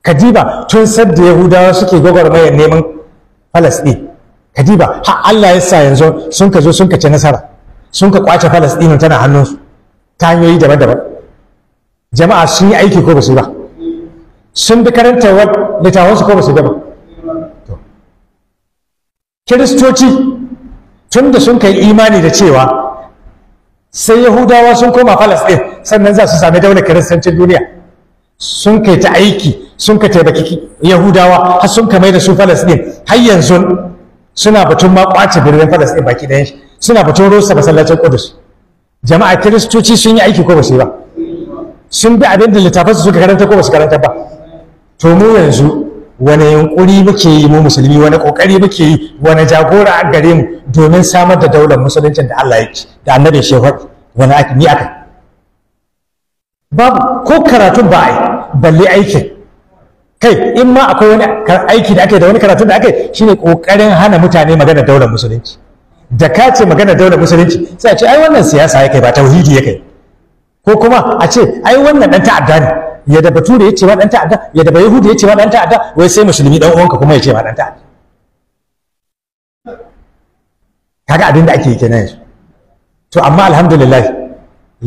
kadiba tun sadda yahudawa suke gwagwarmayar neman Falasɗin kadiba har Allah ya sa yanzu sun ka zo sun ka ci nasara sun ka kwace Falasɗinin tana hannunsu ta hanyoyi daban-daban jama'a sun yi aiki ko ba su ba sun bi karanta littafansu ko ba su ba kiristoci tun da sun kai imani da cewa sai yahudawa sun koma Falasɗin sannan za su sami daular kiristancin duniya sun kai ta aiki sun ka taimaki yahudawa har sun ka da su falasɗin har yanzu suna batun ma ƙwace birnin falasɗin baki ɗayan shi suna batun rusa masallacin ƙudus jama'a kiristoci sun yi aiki ko ba su yi ba sun bi abin da littafansu suka karanta ko ba su karanta ba to mu yanzu wani yunkuri muke yi mu musulmi wani kokari muke yi wani jagora a gare mu domin samar da daular musuluncin da Allah ya yake da annabi shehu wani ni aka babu ko karatun ba a yi balle aikin kai in ma akwai wani aiki da aka yi da wani karatun da aka yi shine kokarin hana mutane magana daular musulunci da ka ce magana daular musulunci sai a ce ai wannan siyasa ya kai ba tauhidi ya kai ko kuma a ce ai wannan dan ta'adda ne ya da bature ya ce ma dan ta'adda ya da yahudi ya ce ma dan ta'adda wai sai musulmi dan uwanka kuma ya ce ma dan ta'adda kaga abin da ake yi kenan yanzu to amma alhamdulillah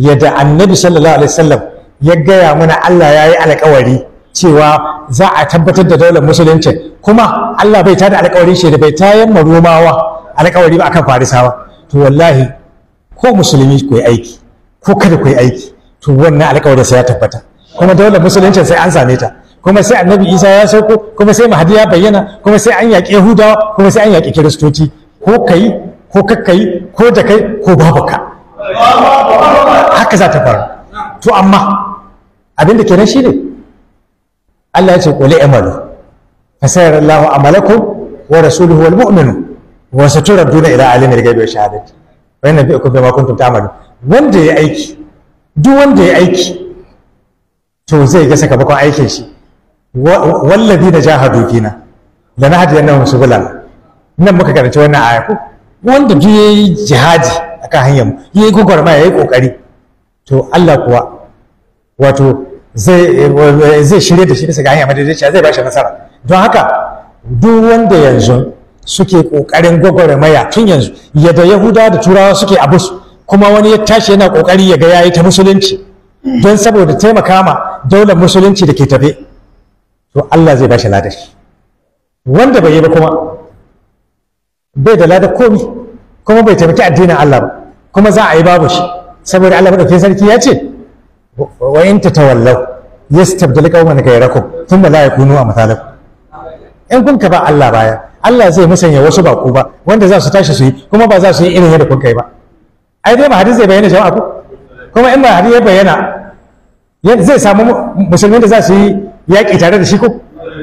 yadda annabi sallallahu alaihi wasallam ya gaya mana Allah ya yi alkawari cewa za a tabbatar da daular musulunci kuma Allah bai tada alkawarin shi da bai tayan ma romawa alkawari ba akan farisawa to wallahi ko musulmi ku yi aiki ko kada ku yi aiki to wannan alkawarin sai ya tabbata kuma daular musulunci sai an same ta kuma sai annabi isa ya sauko kuma sai mahadi ya bayyana kuma sai an yaƙi yahudawa kuma sai an yaƙi kiristoci ko kai ko kakkai ko da kai ko babu ka haka za ta faru to amma abinda kenan shine Allah ya ce qul i'malu fasayara Allahu amalakum wa rasuluhu wal mu'minu wa saturaduna ila alimil ghaibi wa shahadati wa inna bi'akum bima kuntum ta'malun wanda ya aiki duk wanda ya aiki to zai ga sakamakon aikin shi wallazi da jahadu fina da na hadiyar nan musugulan nan muka karanci wannan aya ko wanda duk yayi jihadi akan hanyar yayi ya yayi kokari to Allah kuwa wato zai eh, shirya da shi bisa ga hanyar madaidaiciya zai ba shi nasara don haka duk wanda yanzu suke kokarin gwagwarmaya tun yanzu yadda yahuda da turawa suke abu kuma wani ya tashi yana kokari ya ga yayi ta musulunci don saboda taimaka ma daular musulunci da ke tafe to Allah zai bashi lada shi wanda bai yi ba kuma bai da ladar komi kuma bai taimaki addinin Allah ba kuma za a yi babu shi saboda Allah madaukakin sarki ya ce ta ya wa in tatawallaw yastabdil qauman ghayrakum thumma la yakunu amsalakum in kun ka ba Allah baya Allah zai musanya wasu baƙo ba wanda za su tashi su yi kuma ba za su yi irin yadda kun kai ba ai dai ba zai bayyana jama'a ku kuma in ba ya bayyana zai samu musulmin da za su yi yaƙi tare da shi ko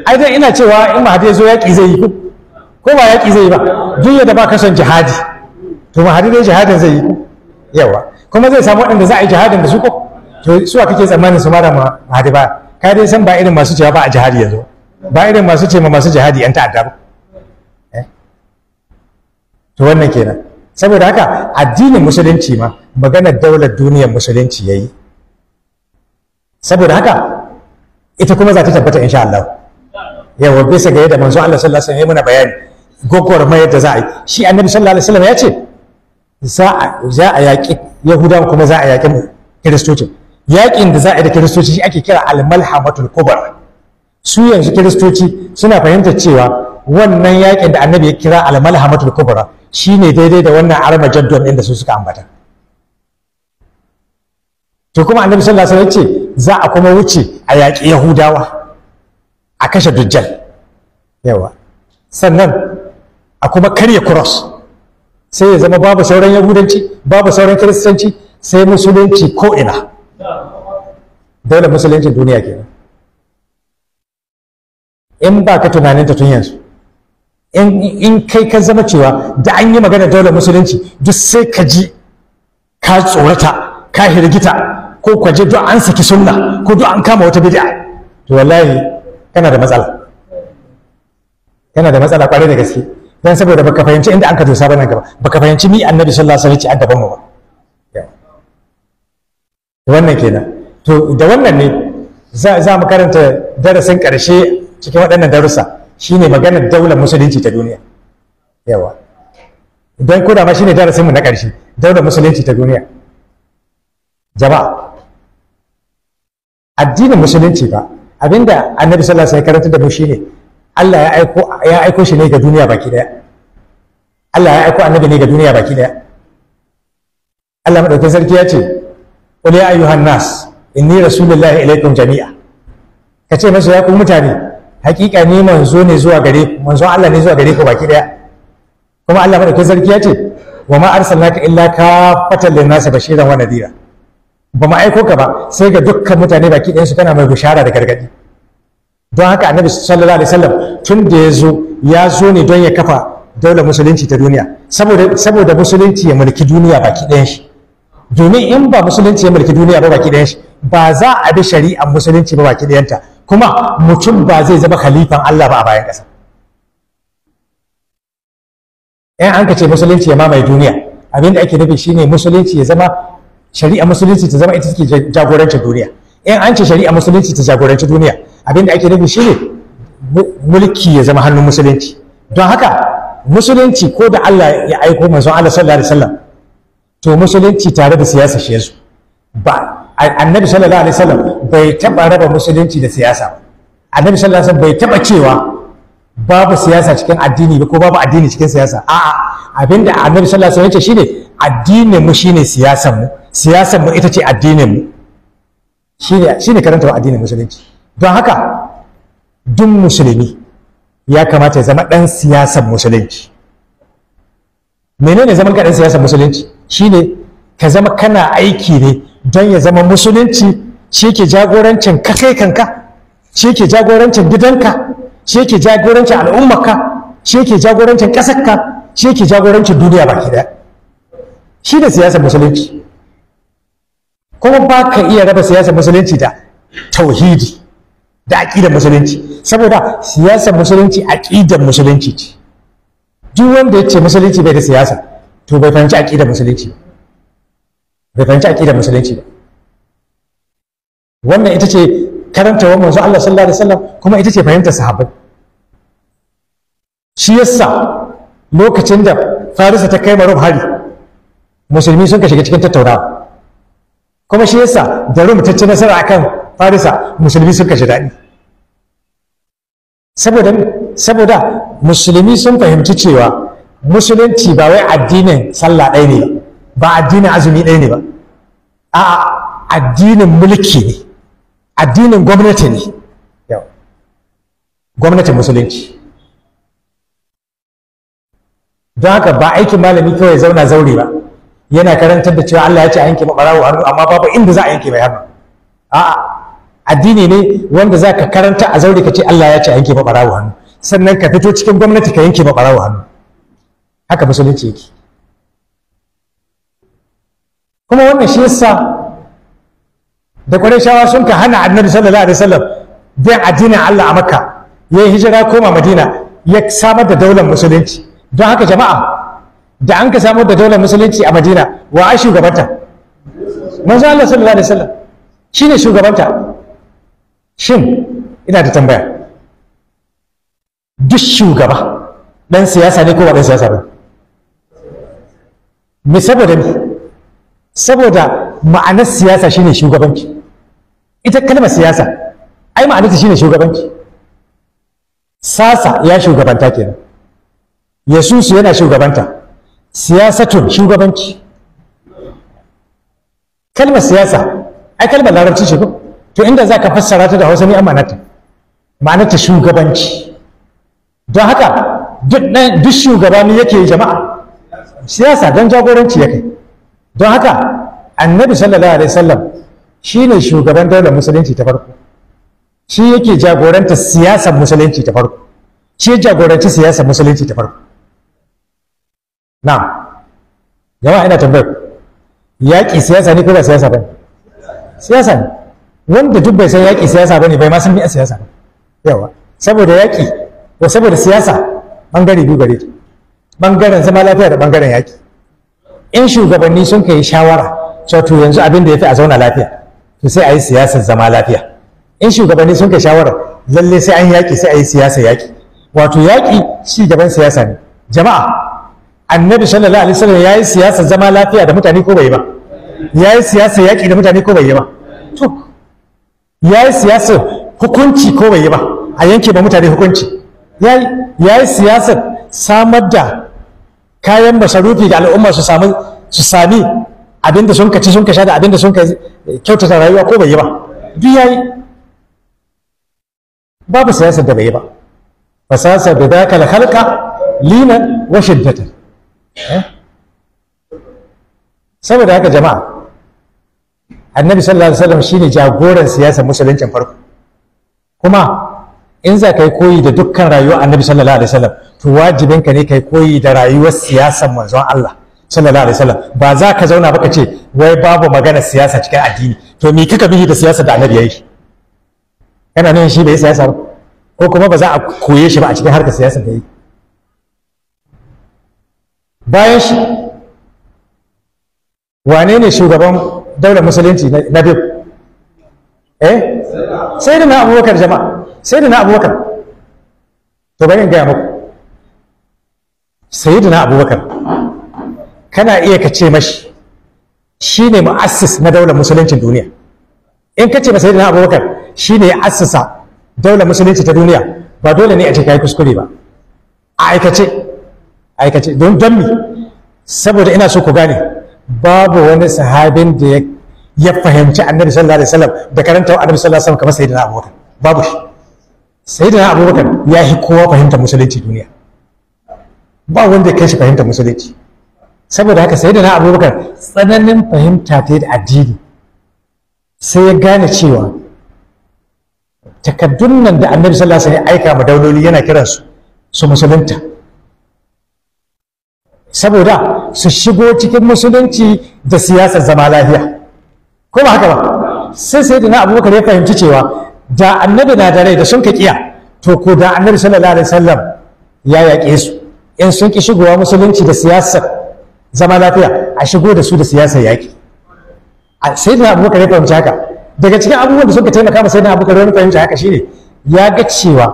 ai dai ina cewa in ba ya zo yaƙi zai yi ko ko ba yaƙi zai yi ba duk yadda ba ka son jihadi to ba hadisi dai jihadin zai yi yawa kuma zai samu waɗanda za a yi jihadin da su ko to su a kake tsammanin su mara mahadi ba ka dai san ba irin masu cewa ba a jihadi yanzu ba irin masu ce ma masu jihadi yan ta'adda ba eh? to wannan kenan saboda haka addinin musulunci ma maganar daular duniyar musulunci yayi saboda haka ita kuma za ta tabbata insha Allah yawa bisa ga yadda manzo Allah sallallahu alaihi wasallam ya mana bayani mai yadda za a yi shi annabi sallallahu alaihi wasallam ya ce za a yaƙi yahudawa kuma za a yaƙi kiristocin yakin da za a yi da kiristoci shi ake kira almalhamatul kubar su yanzu kiristoci suna fahimtar cewa wannan yakin da annabi ya kira almalhamatul shi ne daidai da wannan armajan don inda da su suka ambata to kuma annabi sallallahu alaihi wasallam ya ce za a kuma wuce a yaƙi yahudawa a kashe dujjal yawa sannan a kuma karya cross sai ya zama babu sauran yahudanci babu sauran kiristanci sai musulunci ko ina daular musulunci duniya kenan in ba ka tunanin ta tun yanzu in kai ka zama cewa da an yi magana daular musulunci duk sai ka ji ka tsorata ka hirgita ko ka ji duk an saki sunna ko duk an kama wata bid'a to wallahi kana da matsala kana da matsala kwarai da gaske dan saboda baka fahimci inda an ka dosa ba nan gaba baka fahimci mi annabi sallallahu alaihi wasallam ya ce addaban mu ba wannan kenan to da wannan ne za mu karanta darasin ƙarshe cikin waɗannan darussa shine maganar daular musulunci ta duniya yawa don koda ma shine darasinmu na ƙarshe daular musulunci ta duniya jama'a addinin musulunci ba abinda annabi sallallahu alaihi wasallam karanta da mu shine Allah ya aiko ya aiko shi ne ga duniya baki daya Allah ya aiko annabi ne ga duniya baki daya Allah madaukakin sarki ya ce wani ya ayyuhan nas inni rasulullahi ilaikum jami'a ka ce masa ya ku mutane hakika ni manzo ne zuwa gare ku manzo Allah ne zuwa gare ku baki daya kuma Allah madaukakin sarki ya ce wa ma arsalnaka illa kafatan lin-nasi bashiran wa nadira ba mu aiko ka ba sai ga dukkan mutane baki ɗayan su kana mai bishara da gargadi don haka annabi sallallahu alaihi wasallam tun da ya zo ya zo ne don ya kafa daular musulunci ta duniya saboda musulunci ya mulki duniya baki ɗayan shi domin in ba musulunci ya mulki duniya ba baki ɗayan shi ba za a bi shari'ar musulunci ba baki ɗayanta kuma mutum ba zai zama khalifan Allah ba a bayan ƙasa Yan an ka ce musulunci ya mamaye duniya abin da ake nufi shine musulunci ya zama shari'a musulunci ta zama ita take jagorancin duniya Yan an ce shari'a musulunci ta jagoranci duniya abin da ake nufi shine mulki ya zama hannun musulunci don haka musulunci ko da Allah ya aiko manzon Allah sallallahu alaihi wasallam to musulunci tare da siyasa shi yazo ba annabi sallallahu alaihi wasallam bai taba raba musulunci da siyasa ba annabi sallallahu alaihi wasallam bai taba cewa babu siyasa cikin addini ba ko babu addini cikin siyasa a'a abinda annabi sallallahu alaihi wasallam ya ce shine addinin mu shine siyasan mu siyasan mu ita ce addinin mu shine shine karanta addinin musulunci don haka duk musulmi ya kamata ya zama dan siyasan musulunci menene zaman ka dan siyasan musulunci shine ka zama kana aiki ne don ya zama musulunci shi ke jagorancin kakai kai kanka shi ke jagorancin gidanka shi ke jagorancin al'ummaka shi ke jagorancin ƙasarka shi ke jagorancin duniya baki ɗaya shi da siyasar musulunci kuma ba ka iya raba siyasar musulunci da tauhidi da aƙidar musulunci saboda siyasar musulunci aƙidar musulunci ce duk wanda ya ce musulunci bai da siyasa to bai fahimci aqidar musulunci ba bai fahimci aqidar musulunci ba wannan ita ce karanta wa manzo Allah sallallahu alaihi wasallam kuma ita ce fahimtar sahabbai shi yasa lokacin da Farisa ta kai marub hari musulmi sun ka shiga cikin tattaunawa kuma shi yasa da Rum ta ci nasara akan Farisa musulmi sun ka ji daɗi saboda saboda musulmi sun fahimci cewa musulunci ba wai addinin sallah ɗaya ne ba ba addinin azumi ɗaya ne ba a'a addinin mulki ne addinin gwamnati ne gwamnatin musulunci don haka ba aikin malami kawai zauna zaure ba yana karantar da cewa Allah ya ce a yanke maɓarawo hannu amma babu inda za a yanke mai hannu a'a addini ne wanda za ka karanta a zaure ka ce Allah ya ce a yanke maɓarawo hannu sannan ka fito cikin gwamnati ka yanke maɓarawo hannu haka musulunci yake kuma wannan shi yasa da shawa sun ka hana Annabi sallallahu alaihi wasallam bin addinin Allah a Makka ya yi hijira koma Madina ya samar da daular musulunci don haka jama'a da an ka samar da daular musulunci a Madina wa a shugabanta manzo Allah sallallahu alaihi wasallam shine shugabanta shin ina da tambaya duk shugaba dan siyasa ne ko ba dan siyasa ba me saboda me saboda ma'anar siyasa shine shugabanci ita kalmar siyasa ai ma'anarta shine shugabanci sasa ya shugabanta kenan yasusu yana shugabanta siyasatun shugabanci kalmar siyasa ai kalmar larabci ce ko to inda za ka fassara ta da hausa ne amanata ma'anarta shugabanci don haka duk shugaba ne yake jama'a siyasa don jagoranci ya kai don haka annabi sallallahu alaihi wasallam shine shugaban daular musulunci ta farko shi yake jagoranta siyasar musulunci ta farko shi ya jagoranci siyasar musulunci ta farko na yawa ina tambayar yaƙi siyasa ne ko ba siyasa ba siyasa ne wanda duk bai san yaƙi siyasa ba ne bai ma san siyasa ba yawa saboda yaƙi ko saboda siyasa gari biyu gare ta bangaren zama lafiya da bangaren yaƙi in shugabanni sun kai shawara cewa to yanzu abin da ya fi a zauna lafiya to sai a yi siyasar zama lafiya in shugabanni sun kai shawara lalle sai an yaƙi sai a yi siyasar yaƙi wato yaƙi shi gaban siyasa ne jama'a annabi sallallahu alaihi wasallam ya yi siyasar zama lafiya da mutane ko bai ba ya yi siyasar yaƙi da mutane ko bai ba to ya yi siyasar hukunci ko bai ba a yanke ba mutane hukunci ya yi siyasar samar da kayan masarufi ga al'umma su sami su sami abinda sun kaci sun kasha da abinda sun kai kyautata rayuwa ko bai yi ba duk ya yi babu siyasar da bai yi ba fasasar da daga da halka linan wa shiddatan eh? saboda haka jama'a annabi sallallahu alaihi wasallam shine jagoran siyasar musuluncin farko kuma in za ka yi koyi da dukkan rayuwar annabi sallallahu alaihi wasallam to wajibin ka ne ka yi koyi da rayuwar siyasar manzon Allah sallallahu alaihi wasallam ba za ka zauna ba ka ce wai babu magana siyasa cikin addini to me kika bihi da siyasa da annabi yayi kana nan shi bai siyasa ba ko kuma ba za a koye shi ba a cikin harkar siyasa da yayi bayan shi wane ne shugaban daular musulunci na biyu eh sai da na abubakar jama'a sai da na abubakar to bari gaya muku sai da na abubakar kana iya ka ce mashi shi ne mu'assis na daular musuluncin duniya in ka ce ma sai da na abubakar shi ne ya assasa daular musulunci ta duniya ba dole ne a ce ka yi kuskure ba a aikace aikace don don mi saboda ina so ku gane babu wani sahabin da ya fahimci annabi sallallahu alaihi wasallam da karanta annabi sallallahu alaihi wasallam kamar sayyidina abubakar babu shi sai da abubakar ya yi kowa fahimtar musulunci duniya ba wanda ya kai shi fahimtar musulunci saboda haka sai da na abubakar tsananin fahimta ta da addini sai ya gane cewa takaddun nan da annabi sallallahu alaihi wasallam aika ma dauloli yana kiransu su musulunta saboda su shigo cikin musulunci da siyasar zama lafiya ko ba haka ba sai sai da na abubakar ya fahimci cewa da annabi na da rai da sun ka kiya to ko da annabi sallallahu alaihi wasallam ya yaƙe su in sun ki shigowa musulunci da siyasar zama lafiya a shigo da su da siyasar yaƙi sai da abubakar ya fahimci haka daga cikin abubuwan da suka taimaka masa sai da abubakar ya fahimci haka shine ya ga cewa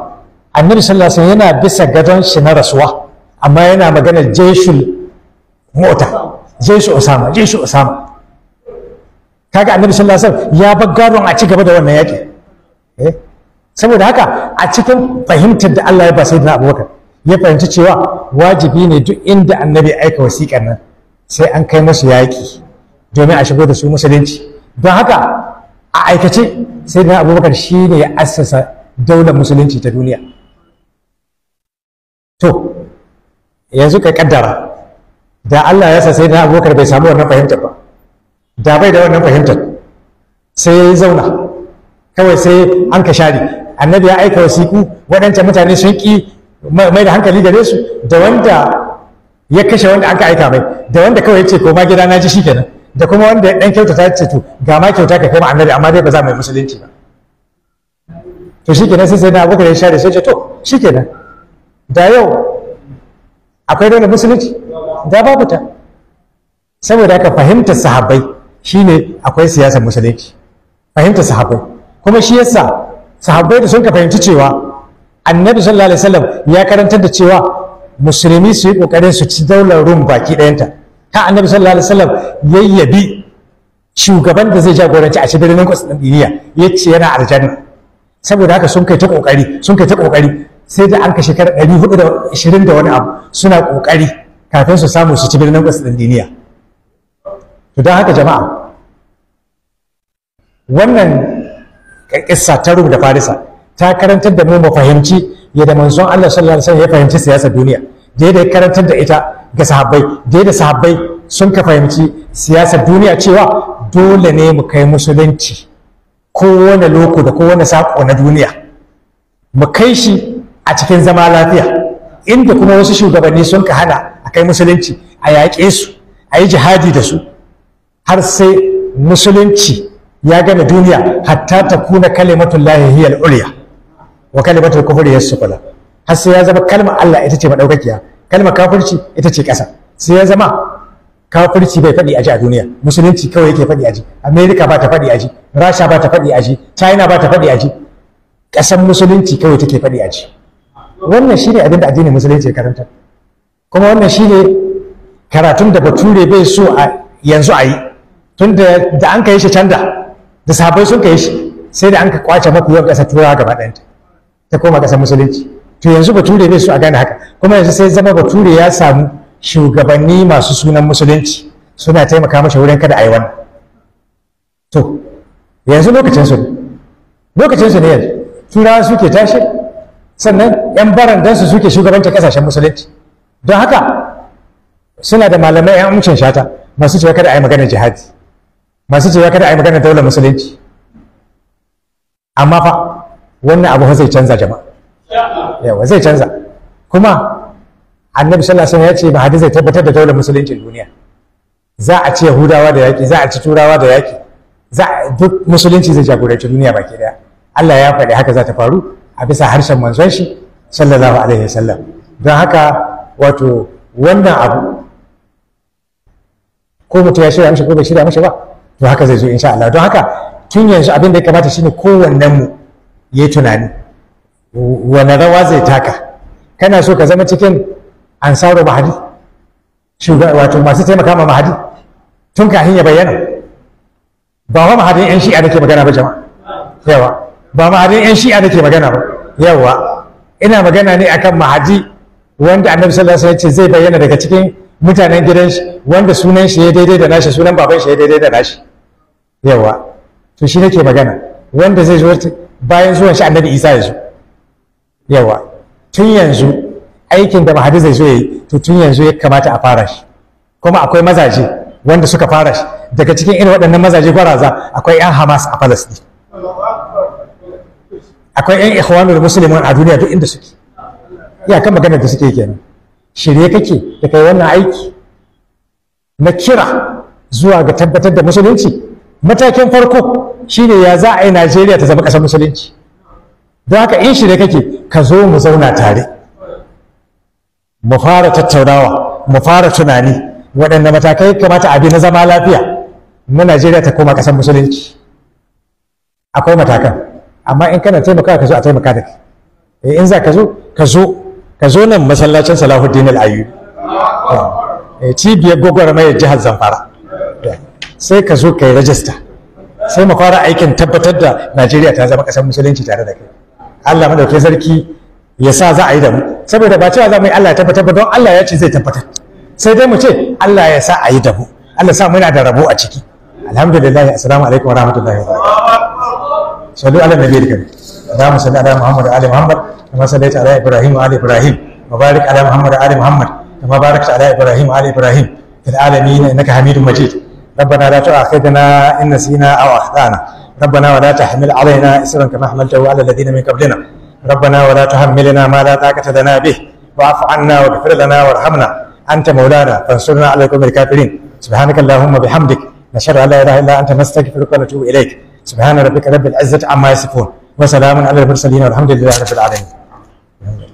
annabi sallallahu alaihi wasallam yana bisa gadon shi na rasuwa amma yana maganar jeshul mota jeshul osama jeshul osama kaga annabi sallallahu alaihi wasallam ya bar gadon a ci gaba da wannan yaƙi Eh? saboda haka a cikin fahimtar da Allah ya ba sayyidina Abubakar ya fahimci cewa wajibi ne duk inda annabi aika wasiƙar nan sai an kai musu yaƙi domin a shigo da su musulunci don haka a aikace sai na Abubakar shi ne ya assasa daular musulunci ta duniya to yanzu ka kaddara da Allah ya sa na Abubakar bai samu wannan fahimtar ba da bai da wannan fahimtar sai ya zauna kawai sai an ka share annabi ya aika wasiku waɗancan mutane sun ƙi mai da hankali gare su da wanda ya kashe wanda aka aika mai da wanda kawai ya ce koma gida na ji shi kenan da kuma wanda ya ɗan kyauta ta ce to ga ma kyauta ka kai ma annabi amma dai ba za mu yi musulunci ba to shi kenan sai sai na abubakar ya share sai ce to shi kenan da yau akwai dole musulunci da babu ta saboda haka fahimtar sahabbai shine akwai siyasar musulunci fahimtar sahabbai kuma shi yasa sahabbai da sun ka fahimci cewa annabi sallallahu alaihi wasallam ya karantar da cewa musulmi su yi kokarin su ci daular rum baki ɗayanta ta annabi sallallahu alaihi wasallam yayyabi shugaban da zai jagoranci a birnin Constantinople yace yana aljanna saboda haka sun kai ta kokari sun kai ta kokari sai da an ka shekara 420 da wani abu suna kokari kafin su samu su ci birnin duniya, to don haka jama'a wannan ƙissa ta rum da farisa ta karantar da mu mu fahimci da manzon Allah sallallahu alaihi wasallam ya fahimci siyasar duniya da ya ya karantar da ita ga sahabbai da da sahabbai sun ka fahimci siyasar duniya cewa dole ne mu kai musulunci kowane loko da kowane sako na duniya mu kai shi a cikin zama lafiya inda kuma wasu shugabanni sun ka hana a kai musulunci a yaƙe su a yi jihadi da su har sai musulunci ya gane duniya hatta ta kuna kalimatun lahi hiya al-ulya wa kalimatul kufri yasqala har sai ya zama kalmar Allah ita ce madaukakiya kalmar kafirci ita ce ƙasa sai ya zama kafirci bai faɗi a ji a duniya musulunci kawai yake faɗi a ji, america ba ta faɗi a ji, rasha ba ta faɗi a ji, china ba ta faɗi a ji, ƙasar musulunci kawai take faɗi a ji. wannan shine abin da addinin musulunci ya karanta kuma wannan shine karatun da bature bai so a yanzu a yi tun da an ka yi shi canda da sahabbai sun kai shi sai da an ka kwace makuyan ƙasar turawa gaba ɗayanta ta koma ƙasar musulunci to yanzu bature ne su a gane haka kuma yanzu sai zama bature ya samu shugabanni masu sunan musulunci suna taimaka masa wurin kada a yi wannan to yanzu lokacin su lokacin su ne yanzu turawa suke tashi sannan yan barandan su suke shugabancin kasashen musulunci don haka suna da malamai yan amincin shata masu cewa kada a yi maganar jihadi masu cewa kada a yi magana daular musulunci amma fa wannan abu zai canza jama'a yawa zai canza kuma annabi sallallahu alaihi wasallam ya ce mahadi zai tabbatar da daular musulunci duniya za a ci yahudawa da yaki za a ci turawa da yaki za duk musulunci zai jagoranci duniya baki daya Allah ya faɗi haka za ta faru a bisa harshen manzon shi sallallahu alaihi wasallam don haka wato wannan abu ko mutum ya shirya mishi ko bai shirya mishi ba to haka zai zo insha Allah don haka tun yanzu abin da ya kamata shine kowannen mu yayi tunani wani rawa zai taka kana so ka zama cikin ansaro mahadi shugaba wato masu taimaka ma mahadi tun kafin ya bayyana ba wa mahadin yan shi'a nake magana ba jama'a yawa ba mahadin yan shi'a nake magana ba yawa ina magana ne akan mahadi wanda annabi sallallahu alaihi wasallam ce zai bayyana daga cikin mutanen gidan shi wanda sunan shi ya daidai da nashi sunan baban shi ya daidai da nashi yawa to shi nake magana wanda zai zo bayan zuwan shi annabi isa ya zo yawa tun yanzu aikin da mahadi zai zo ya yi to tun yanzu ya kamata a fara shi kuma akwai mazaje wanda suka fara shi daga cikin irin waɗannan mazaje gwaraza akwai 'yan hamas a falasɗin akwai 'yan ikhwanul musulmin a duniya duk inda suke ya kan magana da suke kenan shirye kake da kai wannan aiki na kira zuwa ga tabbatar da musulunci matakin farko shine ya za a yi najeriya ta zama ƙasar musulunci don haka in shi da kake ka zo mu zauna tare mu fara tattaunawa mu fara tunani waɗanne matakai kamata a bi na zama lafiya na najeriya ta koma ƙasar musulunci akwai matakan amma in kana taimaka ka zo a taimaka da kai eh, in za ka zo ka zo ka zo nan masallacin salahuddin al-ayyubi eh, cibiyar gwagwarmayar jihar zamfara sai ka zo ka yi rajista sai mu fara aikin tabbatar da najeriya ta zama ƙasar musulunci tare da kai allah maɗauke sarki ya sa za a yi da mu saboda ba cewa za mu yi allah ya tabbatar ba don allah ya ce zai tabbatar sai dai mu ce allah ya sa a yi da mu allah sa muna da rabo a ciki alhamdulillah assalamu alaikum wa rahmatullahi wa barakatuh sallu ala nabiyyi karim اللهم صل على محمد وعلى محمد كما صليت على ibrahim وعلى ابراهيم وبارك على Ali muhammad. محمد كما باركت على ابراهيم ali ibrahim fil alamin innaka hamidum majid ربنا لا تؤاخذنا إن نسينا أو أخطأنا ربنا ولا تحمل علينا إسرا كما حملته على الذين من قبلنا ربنا ولا تحملنا ما لا طاقة لنا به واعف عنا واغفر لنا وارحمنا أنت مولانا فانصرنا على القوم الكافرين سبحانك اللهم وبحمدك نشهد أن لا إله إلا أنت نستغفرك ونتوب إليك سبحان ربك رب العزة عما يصفون وسلام على المرسلين والحمد لله رب العالمين